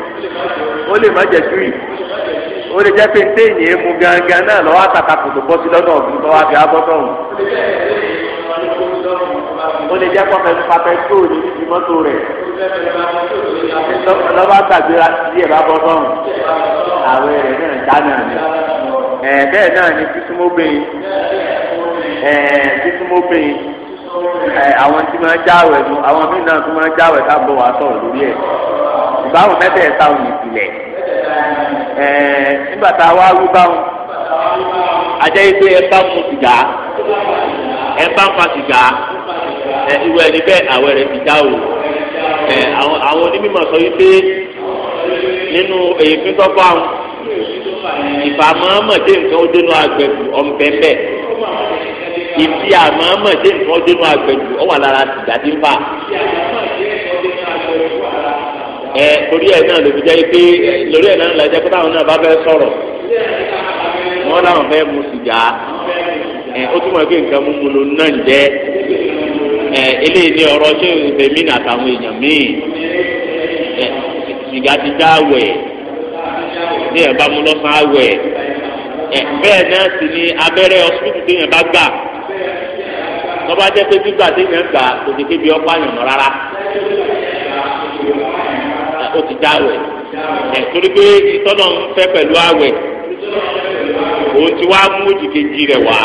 ó lè má jẹ júì ó lè jẹ́ pé ń tẹ̀ yẹn mu gangan náà lọ́wọ́ àtàkà kò tó bọ́ sí lọ́nà ọ̀gbìn tó wá fi abọ́ sọ̀rùn ó lè jẹ́ pọ́fẹ́ nípa pẹ́tró ní ibi mọ́tò rẹ̀ lọ́ba gbàgbéra sí ẹ̀ bá bọ́ sọ̀rùn àwẹ̀ rẹ̀ náà dáná ni ẹ̀ bẹ́ẹ̀ náà ni títúmọ́ bẹ́yìn ẹ̀ títúmọ́ bẹ́yìn. ẹ eh, àwọn tí máa jáwèé nu àwọn míì náà tún máa jáwèé lórí ẹ ìbáwọn ẹ nígbà tá a wá báwọn ajẹ́ ẹ bá já eh, o ẹ eh, onímọ̀ sọ wípé nínú èyí fi bá wọn ìfàmọ́ mọ̀dé nǹkan ó dénú agbẹ̀bù ìfi àmọ́ mọ̀ ṣé nǹkan dénú agbẹ̀jù ọ wà lára tìgbà tí ń fà. ẹ torí ẹ náà ló fi jẹ́ pé lórí ẹ náà lọ́jọ́ pé táwọn náà bá fẹ́ sọ̀rọ̀ wọn làwọn fẹ́ mu sìgá ẹ ó túmọ̀ pé nǹkan múmu ló náà ń jẹ́ ẹ eléyìí ní ọ̀rọ̀ ṣé ìfẹ̀mí nàtàwọn èèyàn míì ẹ sìgá ti dá wẹ̀ ní ẹ̀bá mu lọ́sàn-án wẹ̀ ẹ bẹ́ẹ̀ náà sì ni abẹ́rẹ́ ọsibítù Ndọba jẹ́ pé gbígbà tí yẹn gbà kò bí kébi ọ̀pá yànnà rárá o ti dá àwẹ̀ ẹ̀ torí pé ìtọ́nà ń fẹ́ pẹ̀lú àwẹ̀ òun ti wá mú òjìkejì rẹ̀ wá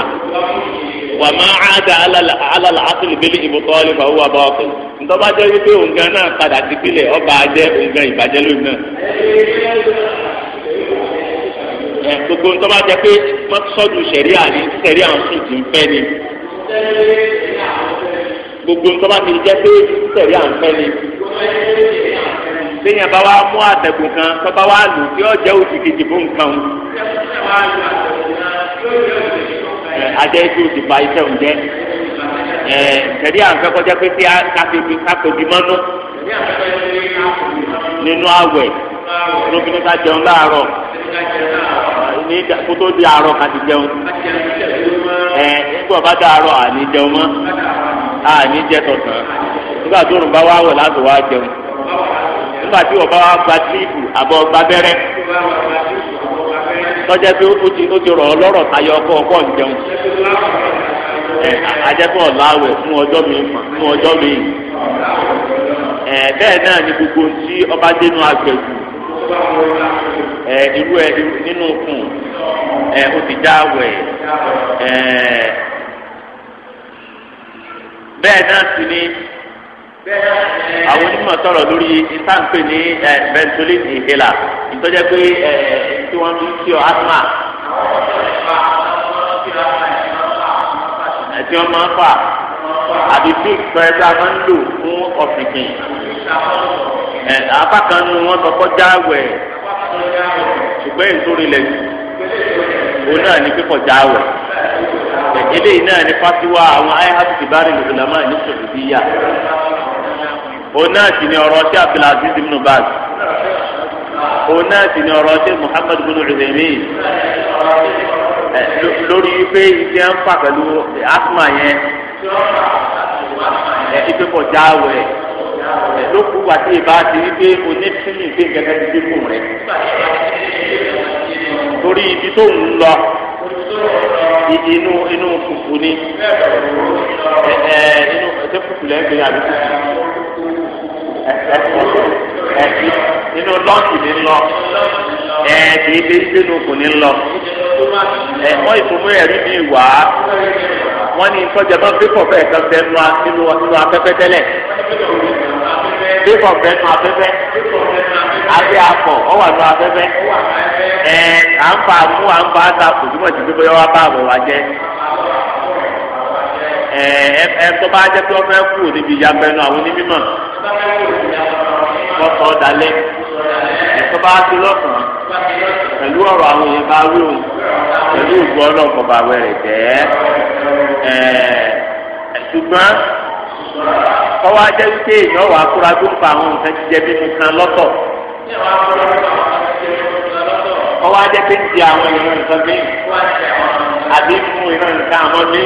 wà má àdá alàlà àtúlù bílí ìbùtọ́ wà bá ntọ́ba jẹ́ wípé náà padà ti ọba jẹ́ ìbàjẹ́ lónìí náà gbogbo ntọ́ba jẹ́ pé mọ́tò sọ́dún sẹ̀ríà sẹ̀ríà ń sùn ti ń fẹ́ ni. gbogbo nǹkan bá ti jẹ́ pé tẹ̀lé à ń fẹ́ ni lẹ́yìn wa mú kan bàbá wa lò tí ó jẹ́ òsì kejì fún nǹkan adé tó ti ba iṣẹ́ òǹjẹ́ tẹ̀lé à ń fẹ́ kọjá pé a mọ́nú nínú àwẹ̀ lóbi jẹun láàárọ̀ ní kótó di àárọ̀ pé ọba dàárọ̀ àníjẹ ọmọ àníjẹ jẹ nígbà tó rùn bá wà láti jẹun nígbà tí ọba wa gba tíìpù àbọ̀ gba bẹ́rẹ́ tọ́jẹ́ pé ó ti ó ti ọlọ́rọ̀ tayọ ẹ fún mi fún mi ẹ náà ni gbogbo ọba dénú ẹ irú ẹ nínú ẹ ti bẹ́ẹ̀ náà sì ni àwọn onímọ̀ sọ̀rọ̀ lórí ìtànpé ní ventilin inhaler ìtọ́jẹ́ pé tí wọ́n fi ń ṣe asthma ẹ̀tí wọ́n máa ń fà àbí bí ìpẹ́ẹ́tà máa ń lò fún ọ̀fìnkìn apá kan nu wọn sọ kọjá wẹ̀ ṣùgbọ́n èso rilẹ̀ òun náà ní pípọ̀ já wẹ̀. àwùjọ náà ní fatiwa àwọn ayéhàtú ti bá rí lùdùlámà ní sòlùbíyà òun náà sì ni ọrọ tí abdulaziz ibn baz òun náà sì ni ọrọ tí muhammad bin lórí pé iṣẹ́ ń fà pẹ̀lú asma yẹn ife kọ jáwé lókùú wà ìbá ti rí pé onífínì gbé gẹ́gẹ́ bí rẹ̀ torí ibi tó ń inu inú fufu ni ẹ ẹ fufu lẹ ń gbé fufu ẹsẹ fufu ẹsẹ inú lọ́ọ̀kì ni ń lọ ẹ kì í bẹ́ẹ̀ sínú kù ni ń lọ ẹ wọ́n ìfowó ẹ̀rí mi wá wọ́n ní sọ́jà náà pépọ̀ bẹ́ẹ̀ kan fẹ́ nu nínú afẹ́fẹ́ tẹ́lẹ̀ pépọ̀ bẹ́ẹ̀ nu ẹ à ń fa mú à ń fa ta kò túmọ̀ sí pé bóyá wá bá àbọ̀ wá jẹ́ ẹ ẹ tó bá jẹ́ pé wọ́n fẹ́ kú níbi ìyàgbẹ́nu àwọn onímọ̀ kọ́ sọ dalẹ̀ ẹ tó bá ti lọ́sàn-án pẹ̀lú ọ̀rọ̀ àwọn èèyàn bá wí òun pẹ̀lú ògbó ọlọ́ọ̀kọ̀ bá wẹ̀rẹ̀ jẹ́ ẹ̀ ṣùgbọ́n kọ́wá jẹ́ wípé èèyàn wà á kóra tó ń fa àwọn nǹkan jíjẹ mímu kan lọ́tọ̀ ọwọ́ ajẹ́ pé ń di àwọn ìran nǹkan míì àbí fún ìran nǹkan àwọn míì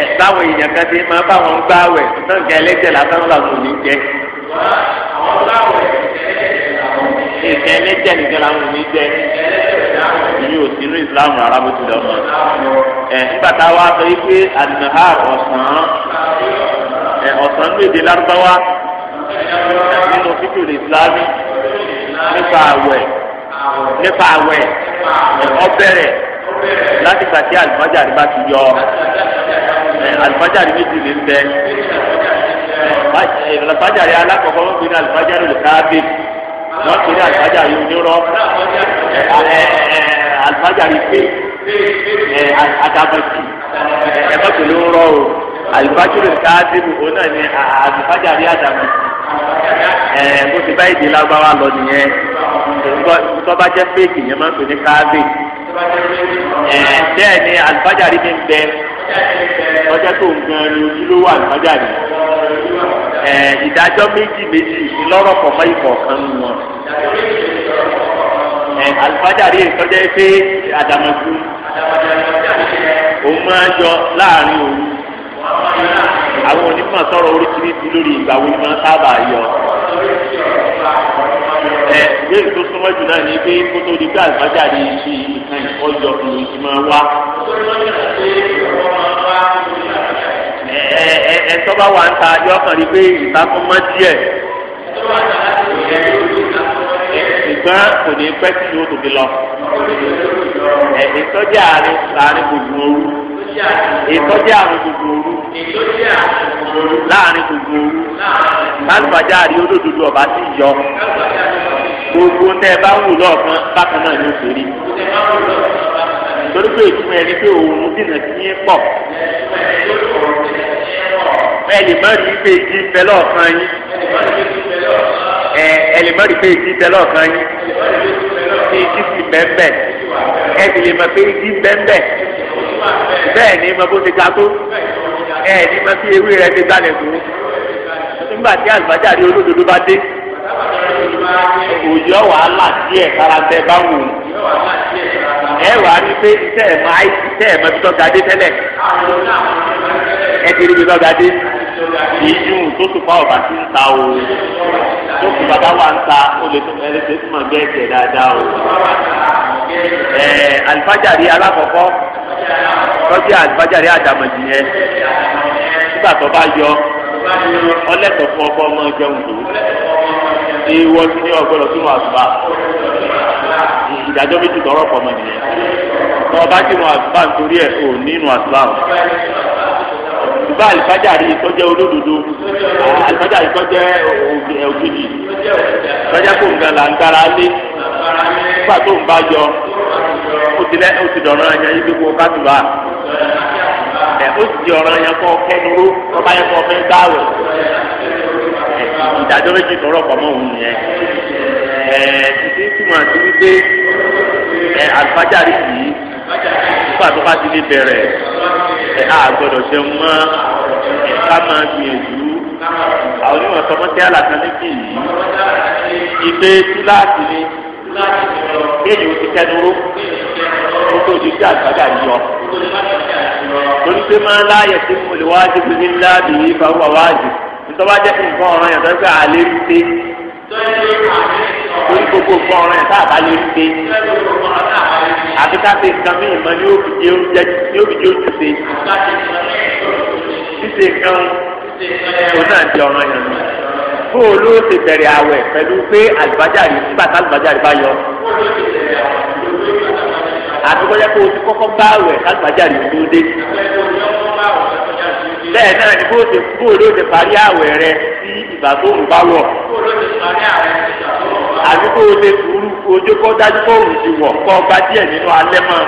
ẹ̀ báwọn èèyàn kan ti máa bá wọn gbá wẹ̀ náà nǹkan ẹlẹ́jẹ̀ lásán làwọn ò ní jẹ. nǹkan ẹlẹ́jẹ̀ nìkan làwọn ò ní jẹ ìyẹn ò sínú ìsìláàmù rárá bó ti dọ̀mọ́. ẹ̀ nígbà tá a wá sọ yìí pé àdìmọ̀há ọ̀sán ọ̀sán méje lárúbáwá nínú fíjò lè nípa àwẹ̀ nípa àwẹ̀ ọbẹ̀rẹ̀ láti gbà tí àlùfájàrí bá ti yọ àlùfájàrí méjì lè bẹ àlùfájàrí alákọ̀ọ́kọ́ wọn fi ní àlùfájàrí olùkáàbì wọn fi ní àlùfájàrí onírọ́ àlùfájàrí pé àdàbàtì ẹ̀fọ́ tó ló ń rọ o àlùfájàrí olùkáàbì òun náà ní àlùfájàrí àdàbàtì ẹ bó ti bá èdè lágbára lọ nìyẹn tó bá jẹ́ fèkì yẹn máa ń pè ní káàbì ẹ bẹ́ẹ̀ ni àlùfájàrí mi ń bẹ ọjọ tó ń gan ni ojúlówó àlùfájàrí ẹ ìdájọ́ méjì méjì ìlọrọ kọfọ ìkọ̀ọ̀kan nù wọn ẹ àlùfájàrí ìtọjẹ pé àdàmọdún òun máa ń yọ láàrin òru àwọn onímọ̀ sọ̀rọ̀ oríṣiríṣi lórí ìgbà wo ni wọ́n sábà yọ. ẹ ìbéèrè tó súnmọ́ jù náà ni pé kó tó di bí àgbájáde ibi nǹkan ìkọ́jọ ìlú ti máa wá. ẹ ẹ ẹ sọ́ba wa ń ta yọ ọkàn rí pé ìtakùn mọ́ díẹ̀. ṣùgbọ́n kò ní pẹ́ tí yóò tóbi lọ. ìtọ́jú àárín àárín gbogbo ooru. ìtọ́jú àárín gbogbo ooru láàrin gbogbo alùpàjá àrí olódodo ọba ti yọ gbogbo tẹ ẹ bá wù lọ́ọ̀kan bákan náà ni ó ṣe rí torí pé ìtumọ̀ ẹni pé òun dìnnà sí í pọ̀ ẹnì má rí pé igi ń bẹ lọ́ọ̀kan yín ẹnì má rí pé igi ń bẹ lọ́ọ̀kan yín igi sì bẹ́ẹ̀ ẹnì lè mọ̀ pé igi ń bẹ́ẹ̀ bẹ́ẹ̀ ni mo bó ti ga tó. ẹ ní ma fi ewé rẹ gbé gbálẹ̀ tó nígbà tí àlùbájáde olódodo bá dé òjò wà á là díẹ̀ kára tẹ bá wù ú ẹ wà á pé iṣẹ́ ẹ̀ máa iṣẹ́ ẹ̀ máa fi kì í dùn tó tún bá ọ̀bà tí ń ta o tó kù bàbá wa ń ta ó lè tún ẹni tó tún mọ̀ bẹ́ẹ̀ jẹ dáadáa o. ẹ alifájàre alákọ̀ọ́kọ́ tọ́jú alifájàre àdàmọ̀jì yẹn nígbà tó bá yọ ọlẹ́tọ̀ fún ọkọ ọmọ jẹun tó ìwọ sí ní ọgbọ́dọ̀ sínú àtúbà ìdájọ́ méjì tọrọ pọ̀ mọ́ nìyẹn tọ́ ọba sínú àtúbà nítorí ẹ̀ kò nínú àtúbà o bá alifajari tó jẹ́ olódodo alifajari tó jẹ́ ògidì sọjá kò nǹkan là ń gbára lé nígbà tó ń bá yọ ó ti lẹ ó ti dọ̀rọ̀ ẹ̀yàn yìí gbogbo kátùbà ẹ̀ ó ti di ọ̀rọ̀ ẹ̀yàn kọ́ kẹ́nuró kọ́ba yẹn kọ́ fẹ́ gbáwẹ̀ ìdájọ́ méjì tọrọ pamọ́ òun yẹn ẹ̀ títí túmọ̀ sí wípé ẹ̀ alifajari yìí nígbà tó bá ti lè bẹ̀rẹ̀ ẹ̀ṣẹ̀ á gbọ́dọ̀ ṣe mọ́ ká máa gbìyànjú àwọn onímọ̀ sọmọ́tí àlàkà níbí yìí ìgbé kíláàsì ni kéèyàn ó ti kẹnuró ó tó di bí àgbàgà yọ torí pé máa ń láàyè tí mo lè wájú bí ní ńlá bí ìfowópamọ́ wájú nítorí wájú nǹkan ọ̀ràn yàtọ̀ pé àlè ń pé torí gbogbo nǹkan ọ̀rẹ́ tá a bá lè ṣe àti ká ṣe nǹkan mí ìmọ̀ ní òbíje oúnjẹ ní òbíje ojúṣe ṣíṣe nǹkan òun náà di ọ̀ràn yẹn mi fún olówó ti bẹ̀rẹ̀ àwẹ̀ pẹ̀lú pé àlùbájáde nígbà tá àlùbájáde bá yọ àtúkọ́jẹ́ kó o ti kọ́kọ́ bá àwẹ̀ tá àlùbájáde tó dé bẹ́ẹ̀ náà ni bó o ti bó o ló ti parí àwẹ̀ rẹ sí ìgbà tó ń bá wọ̀. bó o ló parí àwẹ̀ sí ìgbà tó ń bá wọ̀ àbí kó o lè sùúrù ojú kó dájú kó òun ti wọ̀ kó ọba díẹ̀ nínú alẹ́ mọ́.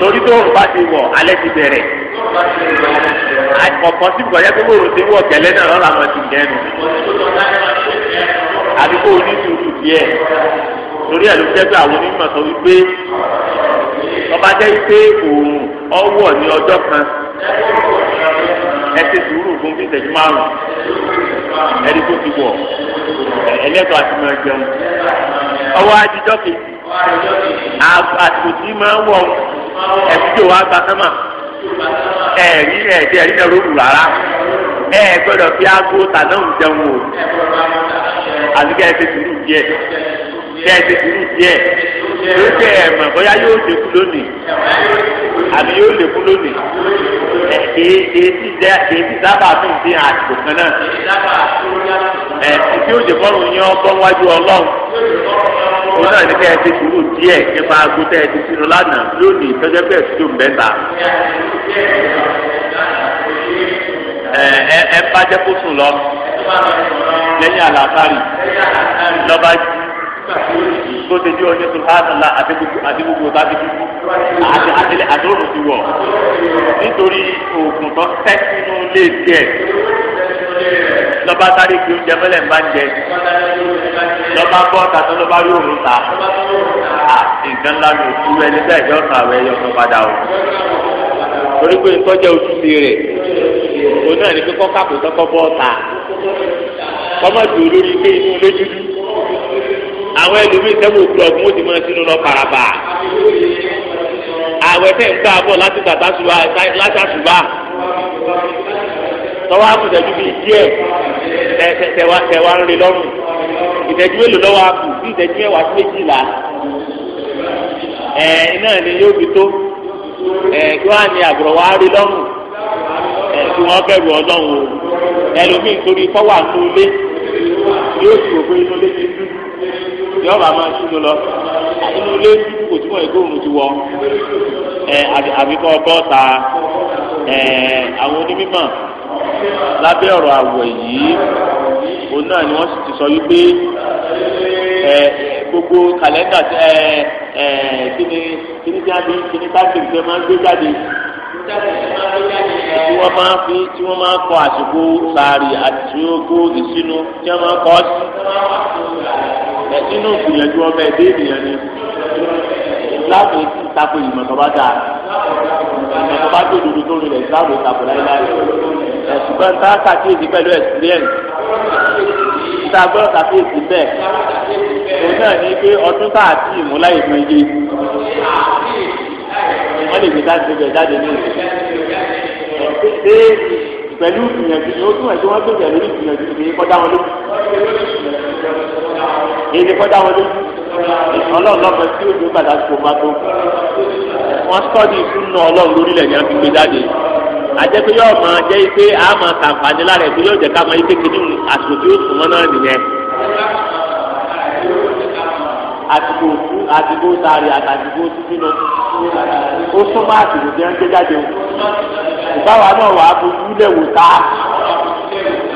torí tó òun bá ti wọ̀ alẹ́ ti bẹ̀rẹ̀. ọ̀kan tí bọ̀yẹ́ tó bòrò ti wọ̀ kẹ̀lẹ́ náà lọ́la mọ̀ ti dẹnu. àbí kó o ní sùúrù díẹ̀ torí ẹ̀ ló jẹ́ pé àwọn onímọ̀ sọ wípé ọba jẹ́ wípé òun ọwọ́ ní ọjọ́ kan ẹ ti sùúrù fún bí ìṣẹ́jú márùn ẹni tó ti wọ̀ ẹlẹ́tọ̀ àti máa jẹun ọwọ́ adijọ́ kejì àtìkò tí máa wọ̀ ẹ̀sìkò wa gba sẹ́mà ẹ̀rí ẹ̀dí ẹ̀rí ẹ̀rọ òwú rárá ẹ̀ gbọ́dọ̀ fi aago tà náà jẹun o àti kẹ́ ẹ ti sùúrù díẹ̀ tẹ́ ẹ ti dúró díẹ̀ ló tẹ ẹ mọ̀ bóyá yóò lékún lónìí àbí yóò lékún lónìí ẹ èyí ti dẹ èyí ti sábà tó ń dín àtìkò kan náà ẹ tí ó jẹ bọ́ọ̀lù yẹn ọgbọ́ wájú ọlọ́run òun náà ní kẹ́ ẹ ti dúró díẹ̀ nípa aago tẹ́ ẹ ti sinú lánàá lónìí tọ́jú ẹgbẹ́ ìṣúdò mẹ́ta ẹ ẹ bá jẹ́ kó sùn lọ lẹ́yìn àlàkárì lọ́ba jù tó ti di ọjọ́ subhanallah àti gbogbo bá ti dúró àti àtẹlẹ àdóòrùn ti wọ̀ nítorí oògùn tó tẹ́ sínú lè tiẹ̀ lọ́ba sáré kí oúnjẹ mẹ́lẹ̀ ń bá ń jẹ lọ́ba bọ́ tàtọ́ lọ́ba yóò rún ta nǹkan ńlá ló kú ẹni bẹ́ẹ̀ yọ ọ̀sán àwẹ̀ yọ ọ̀sán padà o torí pé ìtọ́jà ojúṣe rẹ̀ òun náà ní pé kọ́kàpù tọ́kọ́ bọ́ ta kọ́mọ̀tì olórí pé inú àwọn ẹlòmíì sẹ́wọ̀n òkúrọ̀bù wọn ti máa sínú lọ paraba àwẹ̀ tẹ̀ ń gbà bọ̀ láti tàtà ṣùgbà láti àṣùgbà tọ́wọ́ àbùdẹ̀jú bíi díẹ̀ tẹ̀wá tẹ̀wá ń rí lọ́rùn ìtẹ̀jú mélòó lọ́wọ́ àbù bí ìtẹ̀jú ẹ̀wà sí méjìlá ẹ̀ náà ni yóò fi tó ẹ̀ kí wọ́n á ní àbùrọ̀ wá rí lọ́rùn ẹ̀ kí wọ́n bẹ̀rù ọlọ́run o ẹlòmíì torí fọ́wà nulẹ̀ yóò sì wò pé inú lé ti yọba máa túnú lọ inú ilé kò túmọ̀ èkó òun ti wọ ẹ àbíkọ́ bọ́ta ẹ àwọn onímọ̀ lábẹ́ ọ̀rọ̀ àwọ̀ yìí òun náà ni wọ́n sì ti sọ wípé ẹ gbogbo kàlẹ́ndà ẹ ẹ kíni kíni jáde kíni tábìlì tẹ máa ń gbé jáde tí wọ́n máa fi tí wọ́n máa kọ àsìkò sàárì àti ogo ìsinú tí wọ́n máa kọ́ sí nínú ìgbìyànjú ọmọ ẹdẹ ènìyàn ni ìsìláàmù ti tako ìmọ̀ tó bá dáa ìmọ̀ tó bá tó dúdú tó rinlẹ̀ ìsìláàmù tako láéláé ẹ̀sùnbọ́n tá a kàkíyèsí pẹ̀lú ẹ̀sìlẹ́ẹ̀n tá a gbọ́dọ̀ kàkíyèsí bẹ́ẹ̀ òun náà ní pé ọdún tá a ti ìmúlá ìmọ̀ iye wọ́n lè gbé jáde bẹ̀ jáde ní ìlú pẹ̀lú ìgbìyànjú ni ó tún ẹ̀ tí wọ́n tó lórí ìgbìyànjú ni èyí kọ́dá wọn lójú. èyí kọ́dá wọn lójú. ọlọ́run lọ́mọ tí ó dé padà tó máa tó. wọ́n ọlọ́run lórílẹ̀ gbé jáde. àjẹ́ pé yóò máa jẹ́ pé a máa lára ẹ̀ yóò jẹ́ ká máa àsìkò tí ó sùn mọ́ náà nìyẹn. ó sún kù báwa náà wà á fojú lẹ́wò tá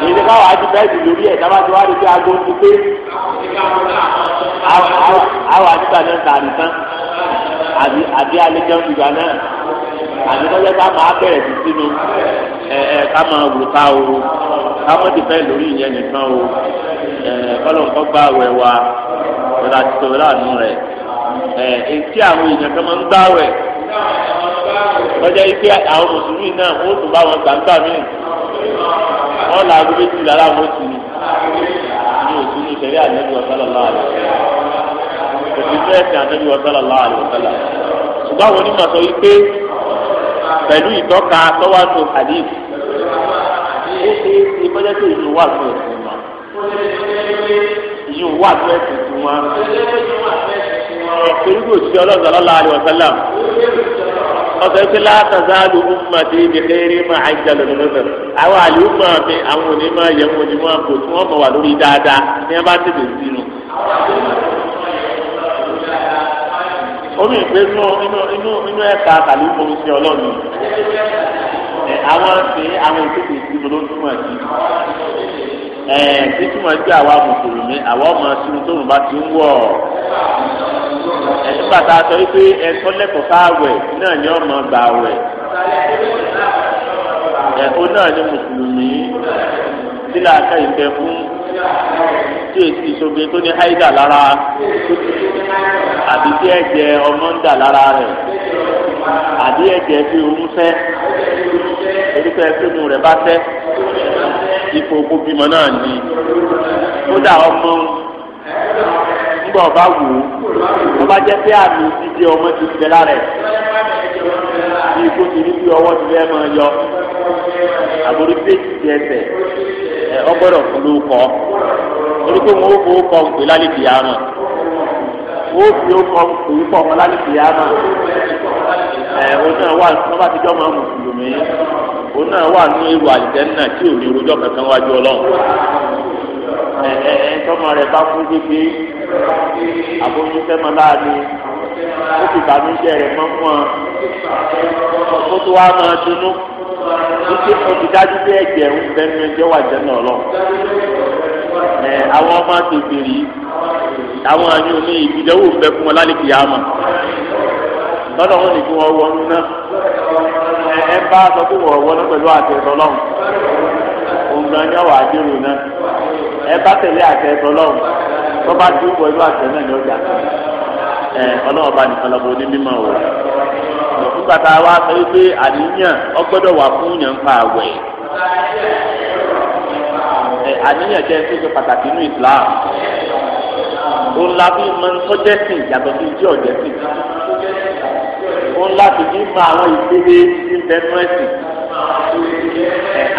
èdè káwa ti bẹ́ẹ̀ sì lórí ẹ̀ dábàá tí wàá di pé aago ti pé àwọn àdìgbà náà ta àdì tán àbí àbí àlejò ìgbà náà àbí kọ́jà bá máa bẹ̀rẹ̀ sí sínú ẹ̀ ẹ̀ ká máa wò ká o ká mọ́ ti bẹ́ẹ̀ lórí ìyẹn nìkan o ẹ̀ kọ́lọ́nkọ́ gbá wẹ̀ wá ọ̀là tìtòwé láàánú rẹ̀ ẹ̀ etí àwọn èèyàn kan máa ń gbá wẹ̀ lọ́jọ́ ike àwọn mùsùlùmí náà wọ́n tún bá wọn gbàǹgbà míì wọ́n là ágùn méjì lára wọn sì ni ní òsì ní ìṣẹ̀lẹ̀ ànábì sallallahu alaihi wasallam òsì ní ẹ̀sìn ànábì sallallahu alaihi wasallam ṣùgbọ́n àwọn onímọ̀ sọ wípé pẹ̀lú ìtọ́ka tọ́wọ́tò hadith ṣe ṣe ṣe bọ́jẹ́ tó ìlú wà fún ẹ̀sìn wọn ìyún ọsẹ pé látàzálù ummati bi khairin máa àjálù lọ́sẹ̀ àwọn àlùmọ̀ mi àwọn òní máa yẹ wọn ni wọn kò tí wọn mọ̀ wà lórí dáadáa ní ẹ bá tètè sínú. omi ìgbé inú inú inú ẹ̀ka kàlí mo ṣe ọlọ́run àwọn ṣe àwọn òṣèlú ìsinmi ló túmọ̀ sí ẹ̀ títúmọ̀ sí àwa mùsùlùmí àwa ọmọ sínú tóun bá ti ń wọ̀ nígbà tá a sọ wípé ẹ̀tọ́ lẹ́kọ̀ọ́ fáwẹ̀ náà ni ọmọ gbà wẹ̀ ẹ̀kọ́ náà ni mùsùlùmí tí làákà ìfẹ́ fún tí èsì ìṣòbe tó ní háídà lára àbí tí ẹ̀jẹ̀ ọmọ ń dà lára rẹ̀ àbí ẹ̀jẹ̀ fi òun fẹ́ orúkọ ẹ̀fínú rẹ̀ bá fẹ́ ipò gbogbo bímọ náà ni kódà ọmọ nígbà ọba wò ó ọba jẹ́ pé àmì ìdíje ọmọ ti tẹ lára ẹ̀ bí ikú ti ní bí ọwọ́ ti fẹ́ máa yọ àbórí péjì ti ẹsẹ̀ ẹ ọgbọ́dọ̀ fún ló kọ́ torí pé wọn ó fowó kọ òkè lálẹ́ ìyá mọ̀ wọn ó fi ó kọ òkè pọ̀ mọ́ lálẹ́ ìyá mọ̀ ẹ òun náà wà wọn bá ti jọ́ máa mùsùlùmí òun náà wà nínú èrò àlìjẹ́ náà tí ò ní rojọ́ kankan wájú ọlọ́run ẹ ẹ ẹ tọmọ rẹ bá kú dédé àbóyún sẹmọ láàrin ó fi bàmíjẹ rẹ mọ fún ọ kó tó wá máa dunú títí olùdájú bí ẹgbẹ́ ń bẹ ní ẹjọ́ wà jẹ́ náà lọ. ẹ àwọn ọmọ tòbìrì àwọn àní omi ìdílẹ́wò ń bẹ fún wọn lálẹ́kì yá mà. lọ́dọ̀ wọn ni kí wọ́n wọnú náà. ẹ bá a sọ pé wọ́n wọnú pẹ̀lú àtẹ̀sọ́ lọ́hùn. òǹgbà ni àwọn àdéhùn náà ẹ bá tẹ̀lé àtẹ tọlọ́run tó bá dúró pọ̀ irú àtẹ náà ní ọjà ẹ ọlọ́run bá nìkan lọ́bọ̀ ní mímọ́ o nígbà tá a wá sọ wípé àníyàn ọgbọ́dọ̀ wà fún yàn ń pa àwẹ̀ ẹ àníyàn jẹ́ tó ṣe pàtàkì nínú Islam ó ńlá bí mọ sọ́jẹ́sìn yàtọ̀ sí tí o ó ńlá bí ní mọ àwọn ìpele ní bẹ́ẹ̀ nọ́ẹ̀sì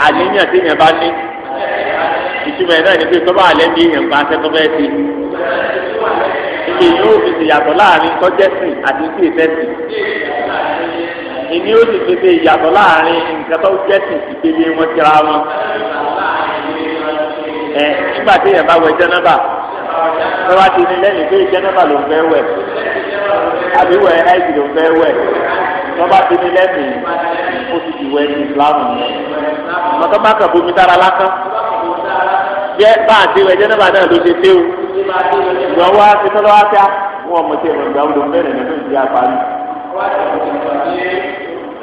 àníyàn tí yẹn bá ní ìtumọ̀ ẹ̀ náà ni pé tọ́ba àlẹ́ bí èèyàn gba afẹ́ tọ́ba ẹ̀ sí. ìpè yóò fi ṣèyàtọ̀ láàrin tọ́jẹ́sìn àti tí ì fẹ́sìn. ìní ó sì fi ṣe ìyàtọ̀ láàrin nǹkan tó jẹ́sìn ìpele wọn síra wọn. ẹ nígbà tí èèyàn bá wẹ jẹ́nẹ́bà tọ́ba ti ní lẹ́yìn pé jẹ́nẹ́bà ló ń fẹ́ wẹ̀ àbí wẹ̀ ẹ́ẹ̀dì ló ń fẹ́ wẹ̀ tọ́ba ti ní lẹ́yìn ó sì ti wẹ̀ ìsìlámù yẹn. bá kàn bomi dára lásán jẹ́ bá a ti wẹ̀ jẹ́ nígbà náà ló ṣe dé o ìwọ̀n wá sí tọ́lọ́ wá fíà wọn mọ̀ sí ìgbà wo ló ń bẹ̀rẹ̀ nínú ìdí apárí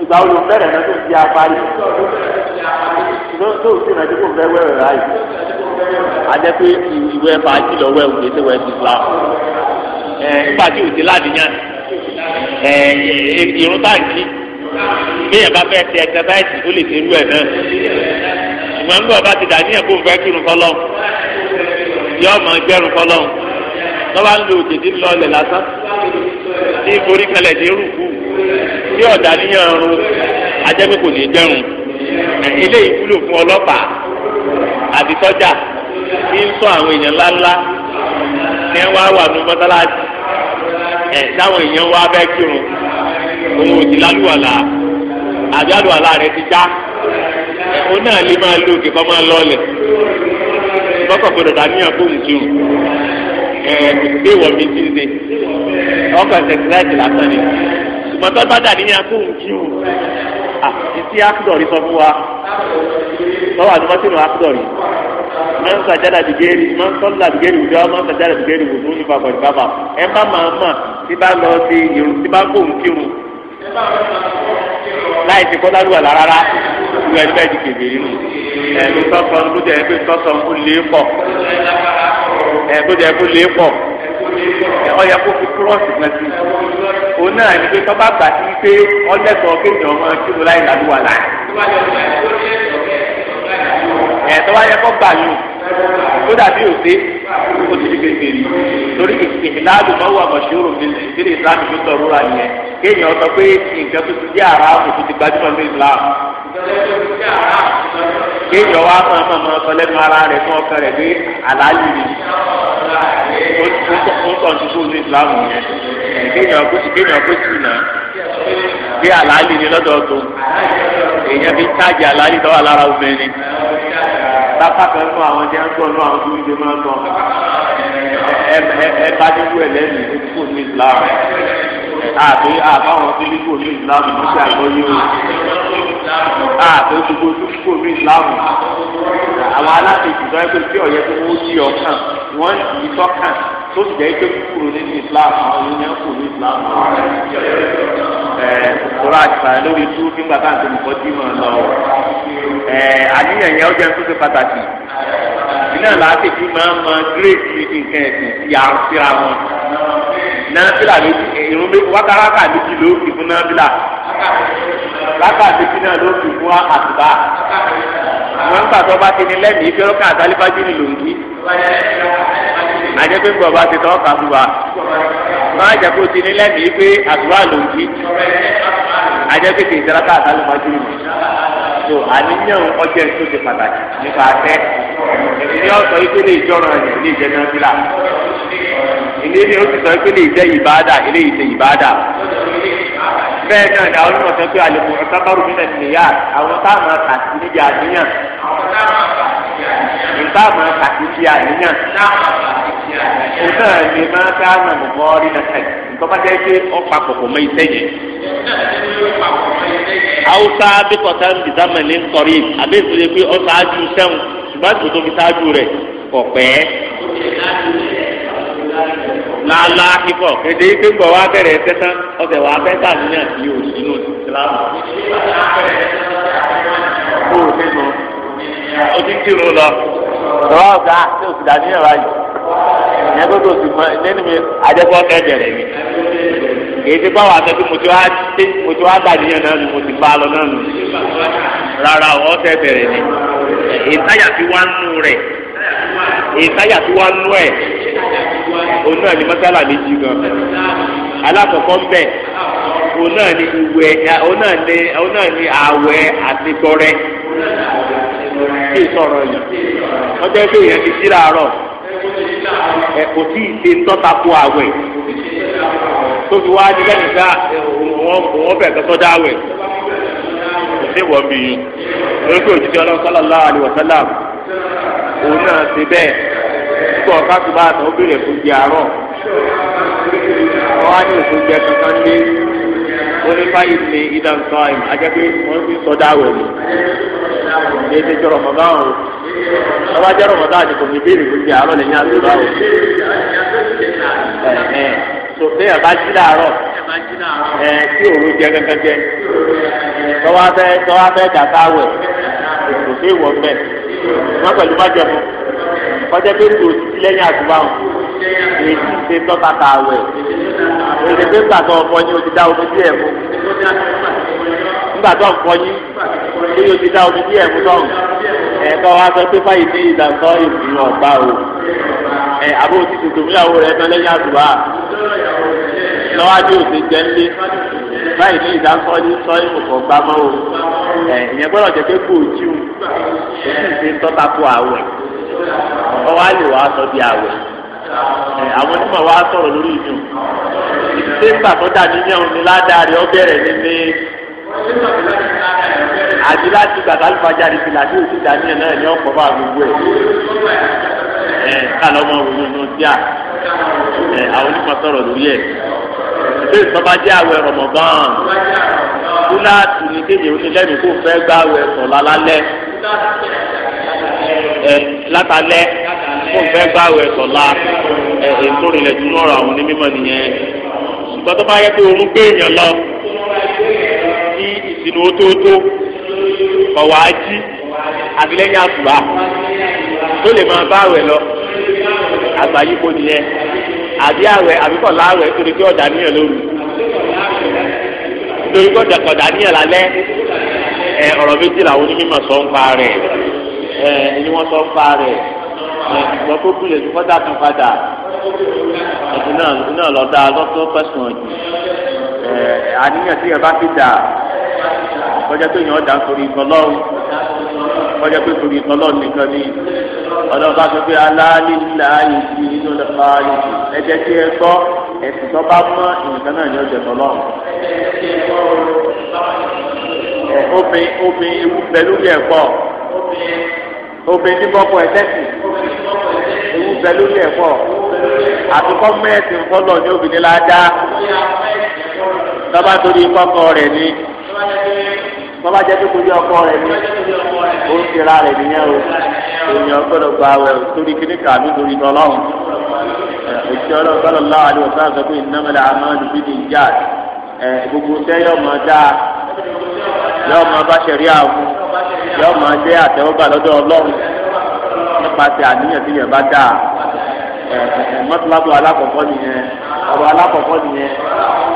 ìgbà wo ló ń bẹ̀rẹ̀ nínú ìdí apárí tó sì rẹ̀ dípò fẹ́ wẹ̀rẹ̀ ráyè ajẹ́ pé ìwé ẹ̀fà àti lọ́wọ́ ẹ̀ òkè sẹ́wọ̀ ẹ̀ ti fila ẹ̀ nígbà tí òsì ládìyàn ẹ̀ ìrún táǹkì bí ẹ̀ bá fẹ́ tẹ ẹ̀ ṣùgbọ́n nígbà bá ti dà ní ẹ̀kọ́ fẹ́ kírun fọlọ́ yọ ọmọ gbẹrun fọlọ́ lọ́wọ́ ń lo òjèdè lọ́ọ̀lẹ̀ lásán ní ìforí kalẹ̀ ní rúkú ní ọ̀dà níyàn kò ní dẹ́rùn ilé ìwúlò fún ọlọ́pàá ń sọ àwọn èèyàn ńláńlá ní ẹ wá wà ní mọ́tálásì táwọn èèyàn wá kírun òun ò ti lálùwàlà àbí àlùwàlà rẹ ti já. òun náà lè máa lo òkè kọ́ máa lọ ọlẹ̀ bọ́kọ̀ gbọdọ̀ dàníyàn fóun kí o gbé wọ̀ mi ti ń ṣe ọkọ̀ sẹ̀kírẹ́tì lásán ni ṣùgbọ́n tó bá dàníyàn fóun kí o àti akudọ̀rí sọ fún wa lọ́wọ́ àdúmọ́sínú akudọ̀rí máa ń sàjádà dìgẹ́rì máa ń sọ́là dìgẹ́rì wùdí wa máa ń sàjádà dìgẹ́rì wùdí wọn nípa pẹ̀lú bàbá ẹ má máa mà tí bá lọ sí irun tí bá kóhun kírun láì lu ẹgbẹ́ di kébèrè nù ẹ̀mí tọ́sọ̀ ń kújẹ́ ẹgbẹ́ tọ́sọ̀ ń kú lé pọ̀ ẹ̀kújẹ́ ẹkú lé pọ̀ ọ̀yà kó fi kúrọ́ọ̀sì kan sí òun náà ní pé tọ́ba gbà sí pé ọlẹ́sọ̀ kéèyàn ọmọ kíló láì lálùwà láì ẹ̀ tọ́ba yẹ kó gbà yìí ó dàbí òde ó ti di kékeré torí ìhìláàbù máa wà mọ̀ṣúrù nílé ìsìláàmù tó tọrọ ra yẹn kéèyàn sọ pé nǹkan tó ti di àràmù tó ti gbajúmọ̀ ní ìsìláàmù. kéèyàn wá máa máa máa sọ lẹ́nu ara rẹ̀ fún ọkàn rẹ̀ pé àlàálì ni ó ń tọ̀ ní sùúrù ní ìsìláàmù yẹn kéèyàn kó sì kéèyàn kó sì nà bí àlàálì ni lọ́dọọdún èèyàn fi ń táàjì àlàálì tó wà lára obìnrin bàbá kan nù àwọn jẹ́ ń sọ nù àwọn tó ń jẹ máa ń sọ ẹ bá dínkù ẹ lẹ́nu ìdókòwò ní Islam àbí àbáwọn tó dínkù ní Islam ló ṣe àgbọ́yé o àbí gbogbo dínkù ní Islam àwọn aláṣẹ ìdùnnú ẹgbẹ́ tí ọ̀yẹ́ tó ń yí ọkàn wọ́n ń yí tọ́kàn tó sì jẹ́ pé kúrò nínú Islam àwọn ènìyàn kò Islam kóra àtìpàdé lórí tú kí n gbà káàtó nǹkan tí mò ń lọ àníyàn yẹn ó jẹ́ tó ṣe pàtàkì iná làásì tí máa ń mọ gírèsì nǹkan ẹ̀sìn tí a ń síra wọn náfìlà méjì irun méjì wákàràkà méjì ló fi fún náfìlà lákà méjì náà ló fi fún àtìbá wọn ń gbàtọ́ bá ti ní lẹ́mìí fẹ́ ọ́kà àtàlífájú ni lòún kí àjẹpẹ́ ń bọ̀ bá ti tọ́ ọ̀kà fún wa wọn jẹ́ kó ti ní lẹ́mìí pé àtúwà lòún kí ajẹ́ pé kì í sẹ́ra káàtà ló máa dúró mi so àníyàn ọjọ́ ẹ̀ tó ti pàtàkì nípa afẹ́ ìní ọ̀sọ̀ ìpele ìjọra ẹ̀ ní ìjẹ́ náà fílà ìní ni ó ti sọ ìpele ìjẹ́ ìbáadà ilé ìjẹ́ ìbáadà bẹ́ẹ̀ náà ni àwọn onímọ̀ sọ pé àlejò ọ̀sábàrù nílẹ̀ nìyà àwọn táwọn àkàtì níbi àníyàn ìbámu àkàtì àníyàn òun náà ni máa ká ànàmọ̀ mọ́ awusa bíkọ̀tà ń bìtàmì ní nkọ̀rí àbí ìsìlẹ̀ pé ọ ṣáájú sẹ́wọ̀n ṣùgbọ́n tó tóbi ṣáájú rẹ̀ ọ̀pẹ́. lálá kíkọ̀ kéde ike gbọ̀ wá bẹ̀rẹ̀ ẹsẹ̀ tán n'otu wá kìí ti báwa sọ pé mo ti wá dé mo ti wá gbàdíyàn náà nù mo ti bá a lọ náà nù rárá ọ tẹ bẹ̀rẹ̀ ni ìtayà fi wá nù rẹ ìtayà fi wá nù ẹ òun náà ni mọ́sálà méjì gan alákọ̀ọ́kọ́ ń bẹ̀ òun náà ni ìwẹ̀ òun náà ni òun náà ni àwẹ̀ àti gbọrẹ kí sọ̀rọ̀ yìí ọjọ́ ìgbé yẹn ti sí làárọ̀ ẹ̀ kò tí ì ṣe ń tọ́ta kó àwẹ̀ tó fi wá ní bẹ́ẹ̀ nígbà wọ́n bẹ̀ kẹ́tọ́ dáwẹ̀ kò sí wọ́n bí yín lórí pé òjijì ọlọ́run sọ́lá láwà ní wọ́sálà òun náà ti bẹ́ẹ̀ kó ọ̀ká tó bá àtàn ó bèrè fún di àárọ̀ wọ́n á ní òfin jẹ kankan lé onífàyè ní ìdán sọ́ọ̀ìm ajẹ́pẹ́ wọ́n fi sọ dáwẹ̀ ni ní ti jọrọ mọ̀gá ọ̀hún ọba jọrọ mọ̀gá àti kò ní bèrè fún di àárọ̀ lẹ́yìn àti báwọ̀ sòfin ẹ̀ bá jí làárọ̀ ẹ̀ tí òru jẹ gẹ́gẹ́gẹ́ tọ́wọ́ abẹ́ tọ́wọ́ abẹ́ dàgbà wẹ̀ sòfin ìwọ̀ mbẹ́ wọ́n pẹ̀lú má jẹun kọjá pé kò sí lẹ́yìn àdúrà wọn èyí ṣe tọ́ta tà wẹ̀ èdè pé gbàtà ọ̀fọyín o ti dá omi díẹ̀ mú gbàtà ọ̀fọyín tí o ti dá omi díẹ̀ mú lọ́rùn ẹ̀ka wa sọ pé fáyì ní ìdàtọ́ ìbìyàn ọ̀gbà o ẹ̀ àbó ti tètè rẹ̀ tán lẹ́yìn àdúrà lọ́wọ́ àti òsè jẹ́ ńlé báyìí ní ìdásọ́ ní sọ́yìn kò gbá mọ́ o ẹ̀ ìyẹn gbọ́dọ̀ jẹ́ pé kò jíù kò sì ṣe tọ́ta kó àwẹ̀ ọwọ́ àlè wàá sọ di àwẹ̀ àwọn onímọ̀ wa sọ̀rọ̀ lórí ìdùn ṣé ń bàtọ́ dàbí ní ládàárí ọbẹ̀rẹ̀ ní ní àti láti gbàgbà alùpàjà ní fìlà tí òsì dàníyàn náà ní ọ̀pọ̀ bá gbogbo ẹ̀ ẹ̀ kálọ̀ òun ní ọdún díà ẹ̀ àwọn onímọ̀ sọ̀rọ̀ lórí ẹ̀ tọ́ba jẹ́ àwẹ̀ Ramadan kúláàtù ni kéèyàn ó ní lẹ́nu kó fẹ́ gbá àwẹ̀ sọ̀lá lálẹ́ ẹ̀ látàlẹ́ kó fẹ́ gbá àwẹ̀ sọ̀lá ẹ̀ ètò ìrìnlẹ̀ tó lọ́rọ̀ àwọn onímọ̀ nìyẹn ṣùgbọ́n tọ́ba yẹ pé òun gbé èèyàn lọ ní ìsinmi ótóótó ọ̀wá ají àtìlẹ́yìn àtùbà tó lè máa bá àwẹ̀ lọ àgbáyé kò nìyẹn àbí àwẹ̀ àbí kọ̀ láwẹ̀ torí pé ọ̀dà níyàn lóru torí pé ọ̀dà kọ̀dà níyàn lálẹ́ ẹ ọ̀rọ̀ méjì làwọn onímọ̀ sọ ń pa rẹ̀ ẹ ni wọ́n sọ ń pa rẹ̀ ẹ ìgbọ́n tó kú lè fi kọ́dà kan padà ẹ̀sìn náà náà lọ dáa lọ́tọ́ pẹ̀sùn ọ̀jì ẹ àníyàn tí yẹn bá fi dà kọjá tó yàn ọ̀dà nítorí ìtọ́lọ́run kọjá pé torí tọ́lọ́ nìkan ní ọlọ́run bá sọ pé aláàlí láàyè sí inú lọ́pàá yìí ẹ jẹ́ kí ẹ gbọ́ ẹ̀sìn tó bá mọ́ nǹkan náà ní ọjọ́ tọ́lọ́run. obìnrin obìnrin ewu pẹ̀lú bí ẹ̀kọ́ obìnrin tí bọ́kọ ẹ̀ tẹ́sì ewu pẹ̀lú bí ẹ̀kọ́ àtúkọ́ mẹ́ẹ̀sì ńkọ́ lọ ní obìnrin ládàá tọ́ba torí kọ́kọ́ rẹ̀ ní tọ́ba jẹ́ pé kojú ọkọ rẹ̀ ni ó ń tira rẹ̀ nìyẹn o èèyàn gbọ́dọ̀ gba awẹ o torí kíní kàmí torí tọ́lọ́hún òṣìṣẹ́ ọlọ́gbọ́dọ̀ láwọn àdìwọ̀ sáà sọ pé ìnámẹ́lẹ̀ àmọ́ọ̀dù bíi ní ìjà ẹ̀ gbogbo sẹ́ yọ̀ mọ́ dáa yọ̀ mọ́ bá ṣẹ̀rí àwọn yọ̀ mọ́ jẹ́ àtẹ̀wọ́gbà lọ́dọ̀ ọlọ́run nípasẹ̀ àníyàn tí yẹn bá dáa mọ́tòlábù alákọ̀ọ́kọ́ nìyẹn ọ̀rọ̀ alákọ̀ọ́kọ́ nìyẹn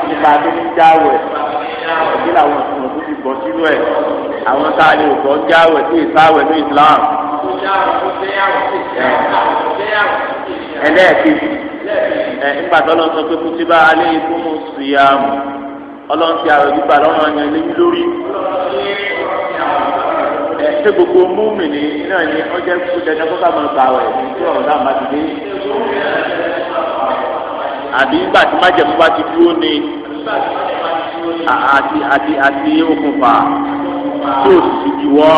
nípa tó ń jáwẹ̀ ọ̀gbìn làwọn ọ̀sùn gbọ́ sínú ẹ̀ àwọn tá a lè gbọ́ ń jáwẹ̀ sí ìsáwẹ̀ ní Islam. ẹlẹ́ẹ̀kejì ẹ nígbà tó lọ́n sọ pé kú sí bá alẹ́ ikú mu sí i àmù ọlọ́run ti àrò gbígbà lọ́rùn ọ̀yàn lébi lórí. ẹ ṣé gbogbo múmìnì náà ni ọjọ́ kú dandan kó ká máa gbàwẹ̀ tí ọ̀rọ̀ náà má ti dé. àbí nígbà tí májèmú bá ti dúró ni àti àti àti okùnfà tí ò sì juwọ́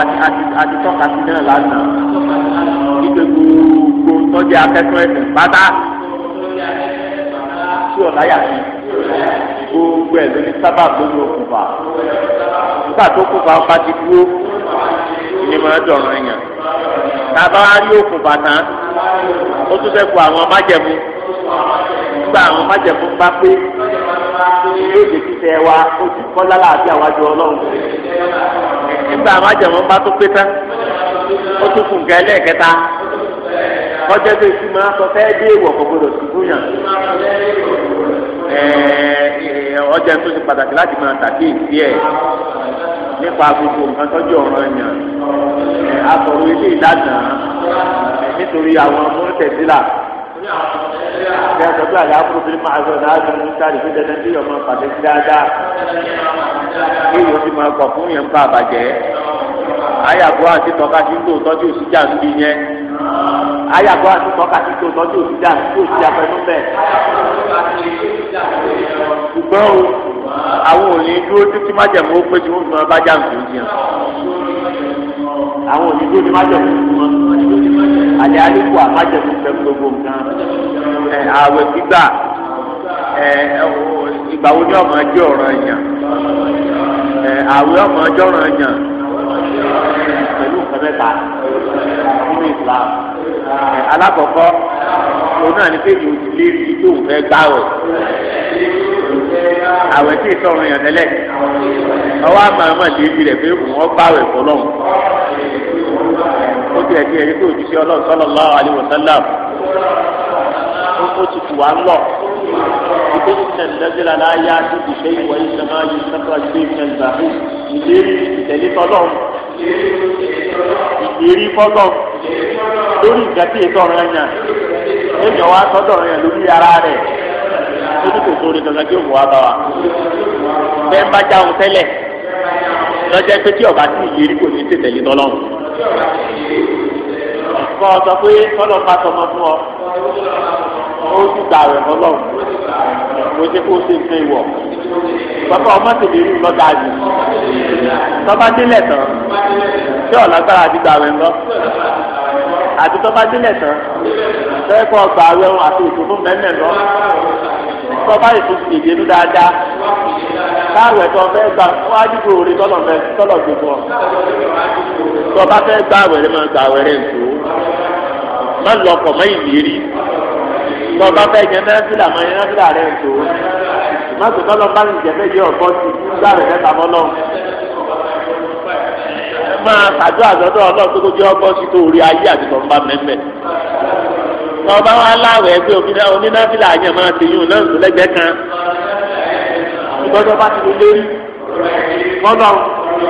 àti àti àti tọ́ka sí náà lánàá ìgbẹ́ gbogbo tọ́jú akẹ́kọ̀ọ́ ẹ̀sìn pátá tí ọ̀la yà sí gbogbo ẹ̀ lórí sábà tó ní okùnfà nígbà tó okùnfà bá ti dúró ìyẹn máa dọ̀rọ̀ ẹ̀yàn tàbá rí okùnfà tán ó tún fẹ́ kó àwọn májẹ̀mú nígbà àwọn májẹ̀mú bá pé yóò jẹ́ títẹ̀ wa ó ti kọ́ lálẹ́ àti àwájú ọlọ́run. nígbà àwọn àjẹmọ́ bá tó pé tán ó tún kù nǹkan ẹlẹ́ẹ̀kẹta kọjá tó ti máa sọ fẹ́ dé ìwọ̀ kò gbọdọ̀ ṣubú yàn. ọjà tó ti pàtàkì láti máa tàbí ìdí ẹ̀ nípa gbogbo nǹkan tọ́jú ọ̀ràn yàn. àtọ̀rọ̀ ilé ìlànà nítorí àwọn mọ́tẹ̀sílà ní aṣọ pé àlẹ́ àbúrò bí máa sọ náà tó ní sáré fi dandan bí ọmọ pàṣẹ sí dáadáa kí èyí ó ti máa kọ̀ fún yẹn ń bá àbàjẹ́ ayàgbọ́ àti tọ́ka sí tó tọ́jú òsì jà ń bí yẹn ayàgbọ́ àti tọ́ka sí tó tọ́jú òsì jà ń tó sí abẹnú bẹ́ẹ̀. ṣùgbọ́n o àwọn òní dúró títí má jẹ̀mú ó pé tí wọ́n fi máa bá jà ń bí yẹn àwọn òní dúró tí má jẹ̀mú ó fi máa àti àlékù àmájẹ̀mú fẹ́ gbogbo nǹkan ẹ̀ àwẹ̀ gbígbà ẹ̀ ìgbà wo ni ọmọ ẹjọ́ ọ̀rọ̀ ẹ̀yàn ẹ̀ àwẹ̀ ọmọ ẹjọ́ ọ̀rọ̀ ẹ̀yàn pẹ̀lú nǹkan mẹ́ta nínú Islam ẹ̀ alákọ̀ọ́kọ́ òun náà ní pẹ̀lú ilé rí tó ń fẹ́ gbáwẹ̀ àwẹ̀ tí ìsọ̀rọ̀ yàn tẹ́lẹ̀ ọwọ́ àmọ́ ẹ̀mọ́ ìdí rẹ̀ pé òun ọ tiẹ̀ tiẹ̀ yìí pé òjíṣẹ́ ọlọ́run sallallahu alaihi wasallam ó ti tù wá ń lọ ìpè ìtẹ̀lẹ́dẹ́lá láyá tó ti ṣe ìwọ ìṣẹ̀má yìí sábà gbé ìṣẹ̀lá ìlérí ìtẹ̀lé tọ́lọ́run ìlérí fọ́lọ́run lórí ìgbàtí ètò ọ̀rọ̀ ẹ̀yàn ẹ̀yàn wa sọ́dọ̀ ẹ̀yàn lórí ara rẹ̀ lórí kòkó rẹ̀ dandan kí òun wá bá wa. bẹ́ẹ̀ bá já òun tẹ́lẹ̀ lọ́jọ́ pé tí ọba tí ìlérí kò ní tètè lé tọ́lọ́run kọ́ ọ sọ pé tọ́lọ̀ bá tọmọ fún ọ ó sì gbà rẹ̀ lọ́lọ́run ó ti kó ṣe nǹkan ìwọ̀ bàbá ọmọ tèmi rí lọ́dà yìí tọ́ba délẹ̀ tán tí ọ̀làgbára àti gbà rẹ̀ lọ àti tọ́ba délẹ̀ tán tẹ́kọ̀ọ́ gbà rẹ̀ wọn àti ìdùnnú mẹ́mẹ́ lọ tó bá ètò ìdènú dáadáa káàwé tó fẹ́ gbà wá dìbò orí tọ́lọ̀ fẹ́ tọ́lọ̀ gbogbo tó bá fẹ́ gbà wẹ̀rẹ̀ máa gbà wẹ̀rẹ̀ nìkú má lọ ọkọ̀ má ìlérí tó bá fẹ́ jẹ mẹ́fìlà má yẹn mẹ́fìlà rẹ̀ nìkú má tó tọ́lọ̀ bá ń jẹ fẹ́ yẹ ọ̀kọ́ sí gbà rẹ̀ mẹ́ta mọ́ lọ. máa àdó àzọ́dọ̀ ọlọ́run tó tó jẹ́ ọgbọ́n sí tó orí ayé àti ń bá mẹ́mẹ́ ọba wa láwẹ̀ ẹgbẹ́ onínáfílà àyàn máa ti yún náà lẹ́gbẹ̀ẹ́ kan ìgbọ́dọ̀ bá ti lórí kọ́lọ̀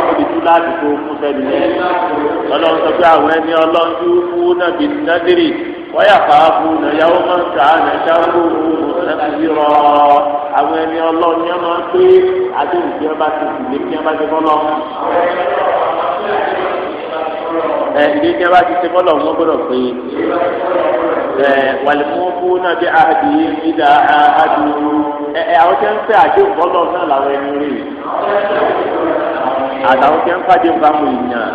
òbítú láti kó fún sẹ́ni yẹn ọlọ́run sọ pé àwọn ẹni ọlọ́jú fún nàbí nádìrì wọ́yà fàáfù nàyàwó máa ń kà á nàìjáwó nàbí rọ àwọn ẹni ọlọ́run máa ń pé àdéhùn tí wọ́n bá ti sì lé kí wọ́n bá ti kọ́ ẹni tí a bá ti ṣe fọlọ wọn gbọ́dọ̀ pé ẹ wàlímọ náà bí ahadi ìdá ahadi ẹ àwọn tẹ ń fẹ́ àdéhùn fọlọ náà làwọn ẹni rí àtàwọn tẹ ń fàdé bámu ìyàn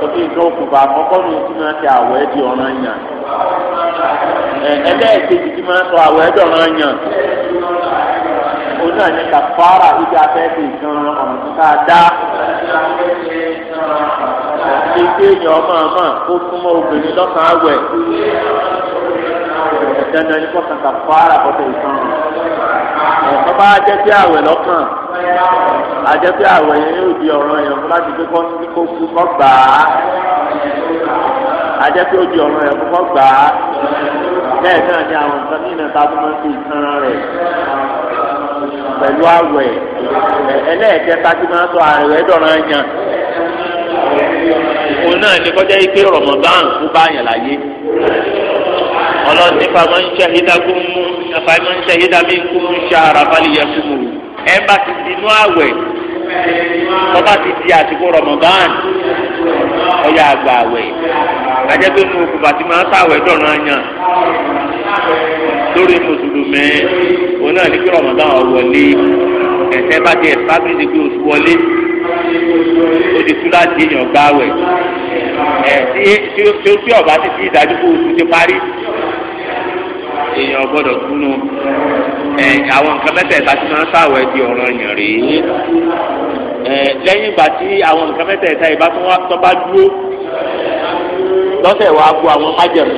sókè nǹkan àkọ́kọ́ ní tí máa àwọ̀ ẹ́ ọ̀ràn yàn ẹ ẹlẹ́ẹ̀kejì tí máa sọ àwọ̀ ọ̀ràn yàn kàfàrà àti kéèyàn ọmọ ọmọ kó súnmọ́ obìnrin lọ́sàn-án àwẹ̀ dandan ní fara bọ́tẹ̀ ìtàn ọ̀sán bá jẹ́ sí àwẹ̀ lọ́kàn àjẹpẹ́ àwẹ̀ yẹn yóò di ọ̀ràn yẹn fún láti pé kó kú kọ́ gbà á àjẹpẹ́ ó di ọ̀ràn yẹn kó kọ́ gbà á bẹ́ẹ̀ náà ni àwọn nǹkan ní ìnàta tó máa ń fi ìtàn rẹ̀ pẹ̀lú àwẹ̀ ẹlẹ́ẹ̀kẹta tí máa ń sọ àrẹ̀wẹ̀ dọ̀ràn yẹn òun náà ní kọjá yìí pé Ramadan tó bá yàn láyé ọlọ́sìn fàmọ́ ń ṣe ìdágún mú fàmọ́ ń ṣe ìdámí kú ń ṣe àràbálì yẹn fún mi ẹ bá ti di inú àwẹ̀ tọ́ba ti di àsìkò Ramadan ọ̀yà àgbà àwẹ̀ ajẹ́pẹ́ nu òkùnfà tí máa ń sàwẹ̀ dọ̀nà yàn lórí mùsùlùmí òun náà ní kí Ramadan wọlé ẹ̀sẹ̀ bá ti ẹ̀ sábìlì pé oṣù wọlé o odi tula ti èèyàn gbá wẹ̀ ẹ tí tí ọba ti fi ìdájú kó oṣù ti parí èèyàn gbọ́dọ̀ kúnú ẹ àwọn nǹkan mẹ́tẹ̀ẹ̀ta ti máa ń sàwẹ̀ di ọ̀ràn yàn rèé ẹ lẹ́yìn ìgbà tí àwọn nǹkan mẹ́tẹ̀ẹ̀ta ìbá tó bá dúró lọ́sẹ̀ wàá bu àwọn májẹ̀mú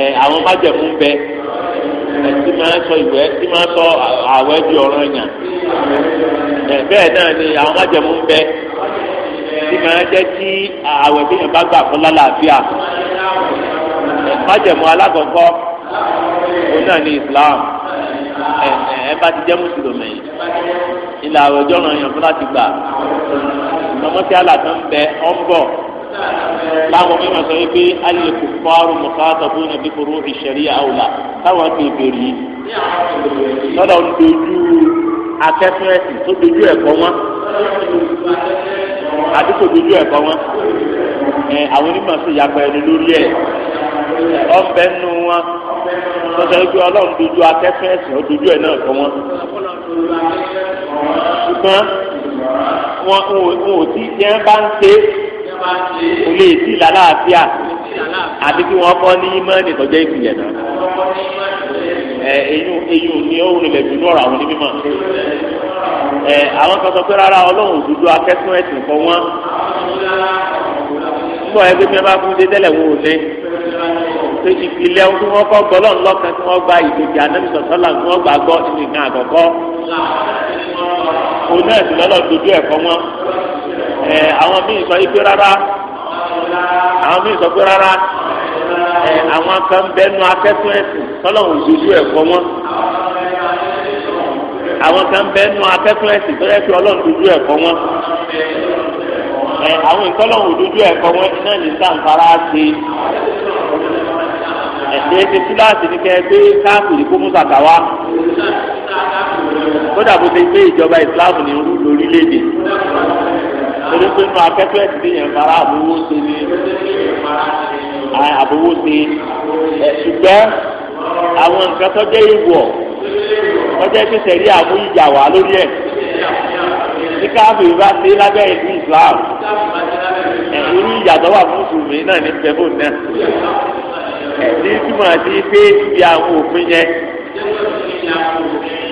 ẹ àwọn májẹ̀mú ń bẹ ẹtí máa sọ ìwẹ̀ ẹtí máa sọ àwẹ̀ di ọ̀rọ̀ ẹ̀yàn ẹ bẹ́ẹ̀ náà ni àwọn májẹ̀mú ń bẹ tí máa jẹ́ kí àwẹ̀ bí yẹn bá gbà fún lálàáfíà májẹ̀mú alákọ̀ọ́kọ́ òun náà ni Islam ẹ ẹ bá ti jẹ́ mùsùlùmí ilà àwẹ̀ ọjọ́ ọ̀rọ̀ fún láti gbà ọmọ tí alàtọ̀ ń bẹ ọ̀ ń bọ̀ láwọn mímọ sọ wípé alẹ́ kò fọ́ọ̀rù mọ̀kátà fún ẹbí kúrú ìṣẹ̀ríyà àwòlà táwọn ti bèrè yìí. lọ́dọ̀ ń dojú akẹ́fẹ́ ẹ̀sìn tó dojú ẹ̀kọ́ wọn àti kò dojú ẹ̀kọ́ wọn ẹ àwọn onímọ̀ sì yàgbọ́ ẹni lórí ẹ̀ ọbẹ̀ nù wọn lọ́sọ̀ wípé ọlọ́run dojú akẹ́fẹ́ ẹ̀sìn dojú ẹ̀ náà kọ́ wọn. ṣùgbọ́n wọn ò tí jẹ́ bá ń ṣe kò lè sí lálàáfíà àti kí wọ́n kọ́ ní mọ́ọ̀nì tọ́jọ́ ìpìlẹ̀ náà ẹ eyín eyín ni ó rìnlẹ̀ jù lọ́rọ̀ àwọn onímọ̀ ẹ àwọn kan sọ pé rárá ọlọ́run dúdú akẹ́kọ̀ọ́ ẹ̀sìn kọ́ wọ́n kọ́ ẹ gbé mi bá fún dé tẹ́lẹ̀ wọn ò ní pé ìpìlẹ̀ ohun tí wọ́n kọ́ gbọ́ lọ́nà lọ́kàn tí wọ́n gba ìgbèjì anábì sọ̀tọ́là tí wọ́n gbà gbọ́ nínú ìgbà àkọ́kọ́ òun náà sì lọ́lọ́ dojú ẹ̀kọ́ wọn ẹ àwọn míì sọ ipe rárá àwọn míì sọ pé rárá àwọn kan bẹnu akẹ́kọ̀ọ́ ẹ̀sìn tọ́lọ́hùn ìṣojú ẹ̀kọ́ wọn àwọn kan bẹnu akẹ́kọ̀ọ́ ẹ̀sìn tọ́lọ́hùn ìṣojú ọlọ́run ìṣojú ẹ̀kọ́ wọn ẹ àwọn ìtọ́lọ́hùn ìṣojú ẹ̀kọ́ wọn náà ní sàǹfàrà ṣe ẹ̀sìn ti kíláàsì ní kẹgbẹ́ káàkiri kó mú sàkà wá kódà bó ti gbé ìjọba ìsìláàmù ní orílẹ̀-èdè torí pé nínú akẹ́kọ̀ọ́ ẹ̀sìn ní yẹn fara àbúwò ṣe ni àbúwò ṣe ṣùgbọ́n àwọn nǹkan tó jẹ́ ìwọ̀ tó jẹ́ pé sẹ̀rí àmú ìjà wà lórí ẹ̀ ní káfíń bá ṣe lábẹ́ ìlú Islam ẹ̀rú ìyàtọ̀ wà fún sùnmí náà ní pẹ̀lú náà ẹ̀sìn túmọ̀ sí pé ibi àwọn òfin yẹn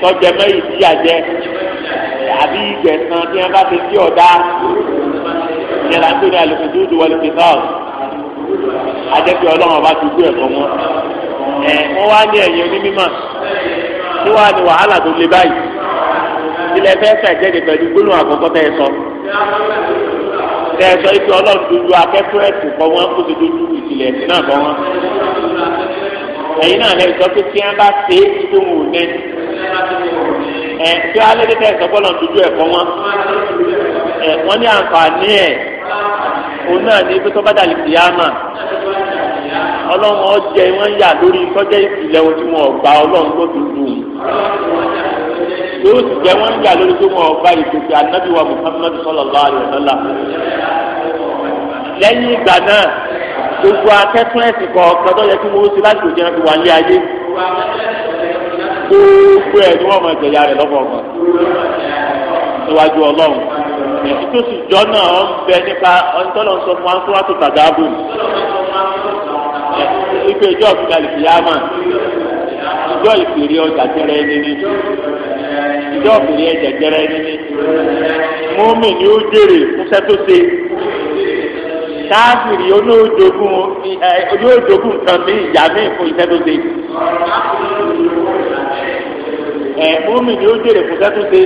tọ́jẹ́ mẹ́rin ìdíyà jẹ́ àbí ìgbẹ̀sán tí wọ́n bá ti tí ọ̀dá ìyẹn là ń pè ní àlùkùdú ìdúwọlé pẹ̀tọ́ọ̀ àjẹpẹ́ ọlọ́run ọba ti gbé ẹ̀kọ́ mọ́ ẹ̀ wọ́n wá ní ẹ̀yìn onímọ̀ tí wàá ní wàhálà tó le báyìí ilẹ̀ fẹ́ fẹ́ jẹ́ni pẹ̀lú gbólóhùn àkọ́kọ́ tẹ́ ẹ sọ tẹ́ ẹ sọ ife ọlọ́run dúdú akẹ́kọ̀ọ́ ẹ̀sìn kọ́ wọn kó ti dúdú ìtìlẹ̀ ẹ̀sìn náà kọ́ wọn ẹ̀yin náà lè sọ pé tí wọ́n bá ṣe é tí wọ́n ò lẹ́ ẹ̀ tí wọ́n á lé tẹ́tẹ́ sọ́kọ́lọ̀ dúdú ẹ̀kọ́ wọn ẹ̀ wọ́n ní àǹfààní ẹ̀ òun náà ní pé tọ́ba dàlí kìyàmà ọlọ́run ọjẹ́ wọ́n yà lórí tọ́jẹ́ ìpìlẹ̀ ohun tí wọ́n gba ọlọ́run tó fi dùn yóò sì jẹ́ wọ́n yà lórí tó wọ́n gba ìpèsè ànábìwá Muhammadu sallallahu alaihi wasallam lẹ́yìn ìgbà náà gbogbo akẹ́kọ̀ọ́ ẹ̀sìn kọ̀ọ̀kan tó yẹ kí wọ́n ṣe láti òjò ẹ̀sìn wà ní ayé gbogbo ẹ̀ ni wọ́n mọ ìjẹ̀yà rẹ̀ lọ́kọ̀ọ̀kan níwájú ọlọ́run èyí tó sì jọ náà ń bẹ nípa ọ̀ńtọ́lọ̀ ń sọ fún wa ń fún wa tó tàgá bò ipe ìjọ òkúta lè fi yá mà ìjọ ìpèrè ọjà jẹrẹ ẹni ni ìjọ ìpèrè ẹjẹ jẹrẹ ẹni ni mọ́mì ni ó jèrè fúnṣẹ́ tó ṣe káfíìrì olóòjogún olóòjogún nǹkan mi ìyá mi fún iṣẹ́ tó ṣe. ẹ mọ́mì ni ó jèrè fún iṣẹ́ tó ṣe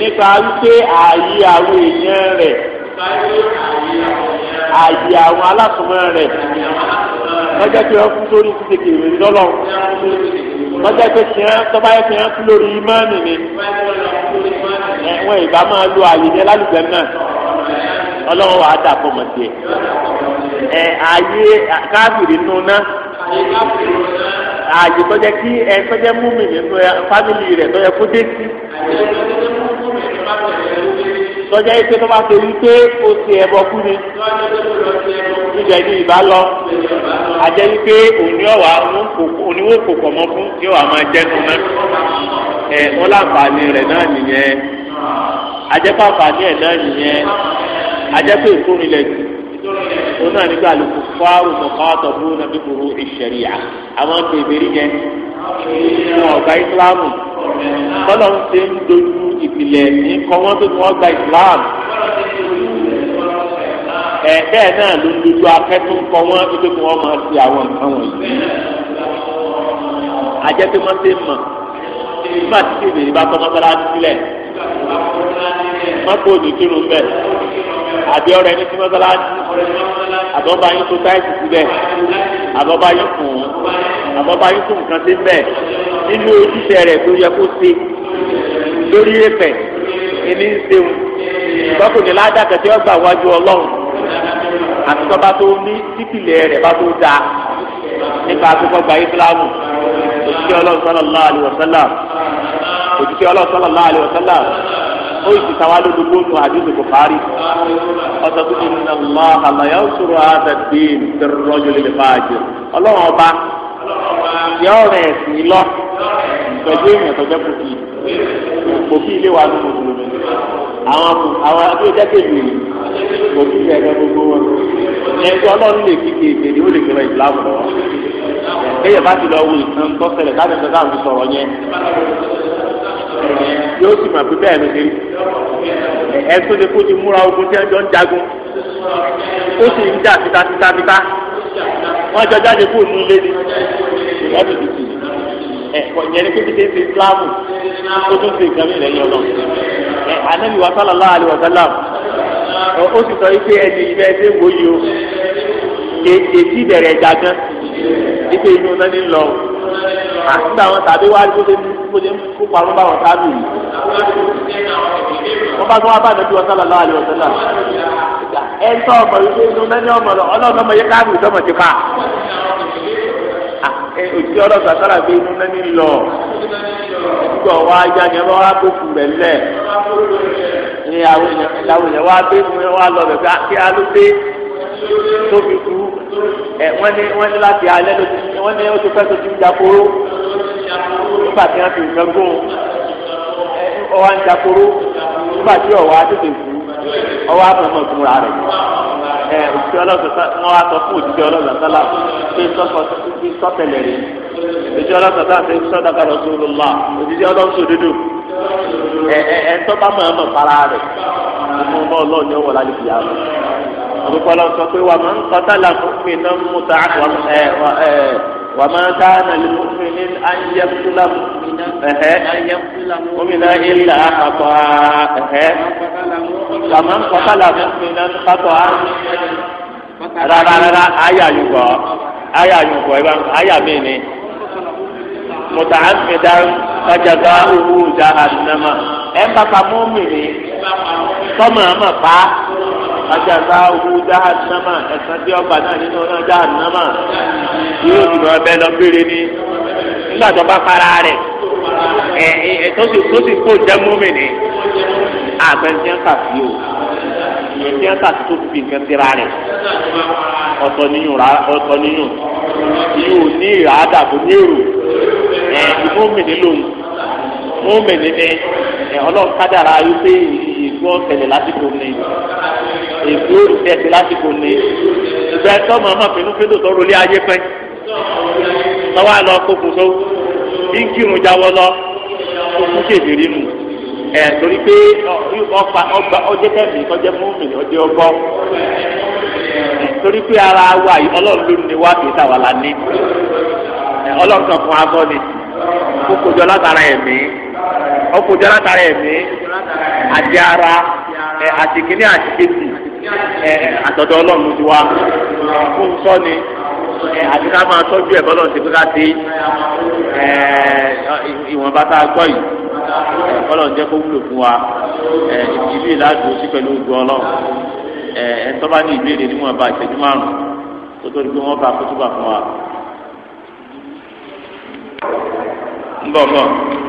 nípa wípé ààyè àwọn èèyàn rẹ̀ ààyè àwọn alásùnmọ́ rẹ̀ lọ́jọ́ tí wọ́n kú sórí ti tètè rè lọ́lọ́ lọ́jọ́ pé kí tọ́ba yẹ kí kú lórí imáàmì ni ẹ̀wọ̀n ìbá máa lo ààyè yẹn lálùbẹ́ náà ọlọ́wọ́ wa dà fọmọ sí ẹ ẹ ayé káfíìrì nù náà ààyè tọ́jẹ́ kí ẹ tọ́jẹ́ mú mi nínú fámìlì rẹ̀ tọ́jẹ́ kó dé sí tọ́jà yìí pé tó bá torí pé ó ti ẹbọ kú ni níjà ní ìbá lọ àjẹ́ yìí pé òní ọ̀wà oníwó kò pọ̀ mọ́ fún tí ọ̀wà máa jẹ́ nu náà ẹ̀ wọ́n láǹfààní rẹ̀ náà nìyẹn àjẹ́pàǹfààní ẹ̀ náà nìyẹn ajẹ́pẹ́ ìkórìlẹ̀ jù òun náà nígbà ló kó fáwọn mọ̀kàtọ̀ fún nàbí kúrú ìṣẹ̀ríyà àwọn kèbèrè yẹn wọn ọ̀gá ìsìláàmù bọ́lá ń ṣe ń dojú ìpìlẹ̀ ní kọ́wọ́n tó ti wọ́n gba ìsìláàmù ẹ̀ bẹ́ẹ̀ náà ló ń dojú akẹ́tún kọ́wọ́n tó ti wọ́n máa ṣe àwọn nǹkan wọ̀nyí ajẹ́pẹ́ máa ń ṣe nígbà tí kèbèrè bá tọ́ mọ́sálásí sílẹ̀ mọ́tò òdìdúró bẹ́ẹ̀ àbí ọ̀rẹ́ ní tìmọ́sálásí àbọ̀bá yín tó táìsì síbẹ̀ àbọ̀bá yín kùn àbọ̀bá yín kùn kan sí bẹ́ẹ̀ nínú ojúṣe rẹ̀ tó yẹ kó ṣe lórí ẹ̀fẹ̀ ẹni ń ṣeun ìgbọ́kùn ní ládàkẹ́ tí wọ́n gbà wájú ọlọ́run àti tọ́ba tó ní títìlẹ̀ rẹ̀ bá tó dáa nípa àtúkọ̀ gba òjíṣẹ́ ọlọ́run sallallahu alaihi wasallam òjíṣẹ́ ọlọ́run sallallahu alaihi wasallam ó sì tàwa lólobó nu àdúgbò Bukhari ọ̀sọ̀ tó ti nà lọ́ àlàyé ọ̀ṣọ́rọ̀ àdàdé ìdẹ̀rọ̀jọ́ lè fà jù ọlọ́run ọba yọ ọ̀rẹ́ ẹ̀sìn lọ pẹ̀lú èèyàn tó jẹ́ kòkì kòkì ilé wa ní mùsùlùmí àwọn àwọn abíyẹ́jẹ́ kèmí kòkì ilé ẹ̀ka gbogbo wọn ẹ̀jọ́ ọlọ́run lè kí kéèké ni ó lè gbẹ̀rẹ̀ ìsìlámù lọ́wọ́ kéèyàn bá ti lọ wo ìtàn tó ṣẹlẹ̀ láti ṣe táwọn fi sọ̀rọ̀ yẹn yóò sì mà pé bẹ́ẹ̀ ló dé ẹ̀sùn ni kó ti múra ogun tí ẹjọ́ ń jagun ó sì ń jà fita fita fita wọ́n jọ jáde kó nu ilé ni wọ́n ti dìtì ẹ̀kọ́ ìyẹn ni pípé ṣe Islam ó tún ṣe nǹkan mìíràn yẹn lọ ẹ̀ anábì wa sálàlá àlẹ́ wàsálà ó sì sọ wípé ẹni ibẹ̀ ṣe wò yìí o ètí bẹ̀rẹ̀ ẹja gan wípé inú náà ní lọ o nígbà wọn tàbí wá bó ṣe bó ṣe kó parun bá wọn sáábì yìí. wọ́n bá tún wá bá àdébí wọn sálà láàrin ọ̀sẹ̀ náà. ẹ ń tọ́ ọmọ ìlú inú mẹ́ni ọmọ lọ ọlọ́run ọmọ yẹ káàbù sọmọ ti pa. òjì ọlọ́run sàtàrà gbé inú mẹ́ni lọ. ìgbà wa ajá ni wọ́n wá gbókù rẹ̀ lẹ̀. ní àwọn èèyàn wá gbé fún wa lọ bẹ̀ kí á ló dé tóbi kú. ẹ wọ́n ní láti alẹ́ lójú wọ́n ní ó ti fẹ́ tó ti ń kóró nígbà tí wọ́n fi nǹkan gún ọwọ́ ń jakoro nígbà tí ọ̀wọ́ á tètè kú ọwọ́ á mọ̀mọ́ gun ra rẹ̀ ẹ òṣìṣẹ́ ọlọ́sọ̀tà wọn á sọ fún òṣìṣẹ́ ọlọ́sọ̀tàlà pé sọ́tẹ̀lẹ̀ rẹ̀ òṣìṣẹ́ ọlọ́sọ̀tà ṣe sọ́dọ̀kà lọ́sọ̀lọ́lá òṣìṣẹ́ ọlọ́sọ̀dodo ẹ ẹ ẹ tọ́ bá mọ̀ọ́mọ̀ fara rẹ̀ fún bọ́ọ̀ lọ́ọ̀ ni ó wọ̀ lálẹ́ fìyà rẹ̀ àbúkọ́ lọ́sọ pé wà máa ń kọ́tà làkúnmí náà mú وما كان لمؤمن أن يقتل مؤمنا إلا خطأ ومن قتل مؤمنا خطأ rárá rárá ayé àyùkọ ayé àyùkọ ẹ bá ayé àmì ni mùtàmídà kájàdá owó jahannama ẹ bá pa mọ́mìnì tọ́mọ̀ àmọ̀ pa ajazahu jahannama ẹ̀sán tí ọgbà náà nínú náà jahannama yóò sì máa bẹ lọ péré ní nígbà tó bá para rẹ̀ ẹ̀ ẹ̀ tó sì tó sì kó jẹ́ múmìnì àgbẹ̀ntì ń kàfi o ìyẹn tí ń kàfi tó fi nǹkan síra rẹ̀ ọ̀tọ̀ níyùn ọ̀tọ̀ níyùn yóò ní ìhádà tó ní èrò ẹ̀ ìmúmìnì lòun múmìnì ni ọlọ́run kádàrá yóò pé ìgbọ́ tẹ̀lé lásìkò ní èyí ó rí lásìkò ní ìgbà ẹ̀tọ́ màmá fínú fínú tó rọlé ayé pẹ́ lọ́wọ́ àlọ́ kókò tó bí ń kírun jáwọ́ lọ kókò kéde rí mu torí pé ọgbà ọgbà ọjẹ́ tẹ̀mí ọjẹ́ múmi ọjẹ́ ọgbọ́ torí pé ara wa yìí ọlọ́run ló ní wá kí táwa la ní kan fún ni látara látara ẹ ẹ àtọ̀dọ̀ ọlọ́run ti wá fún sọ́ni ẹ àti ká máa tọ́jú ẹ̀ bọ́lọ̀ sí pé ká ìwọ̀nba tá a gbọ́ yìí bọ́lọ̀ ń jẹ́ kó wúlò fún wa ẹ ìlú ìlàdùn sí pẹ̀lú ojú ọlọ́run ẹ ẹ tọ́ba ní ìbéèrè níwọ̀nba ìṣẹ́jú márùn-ún tó tó di pé wọ́n bá kótó bá fún wa. ń bọ̀ bọ̀.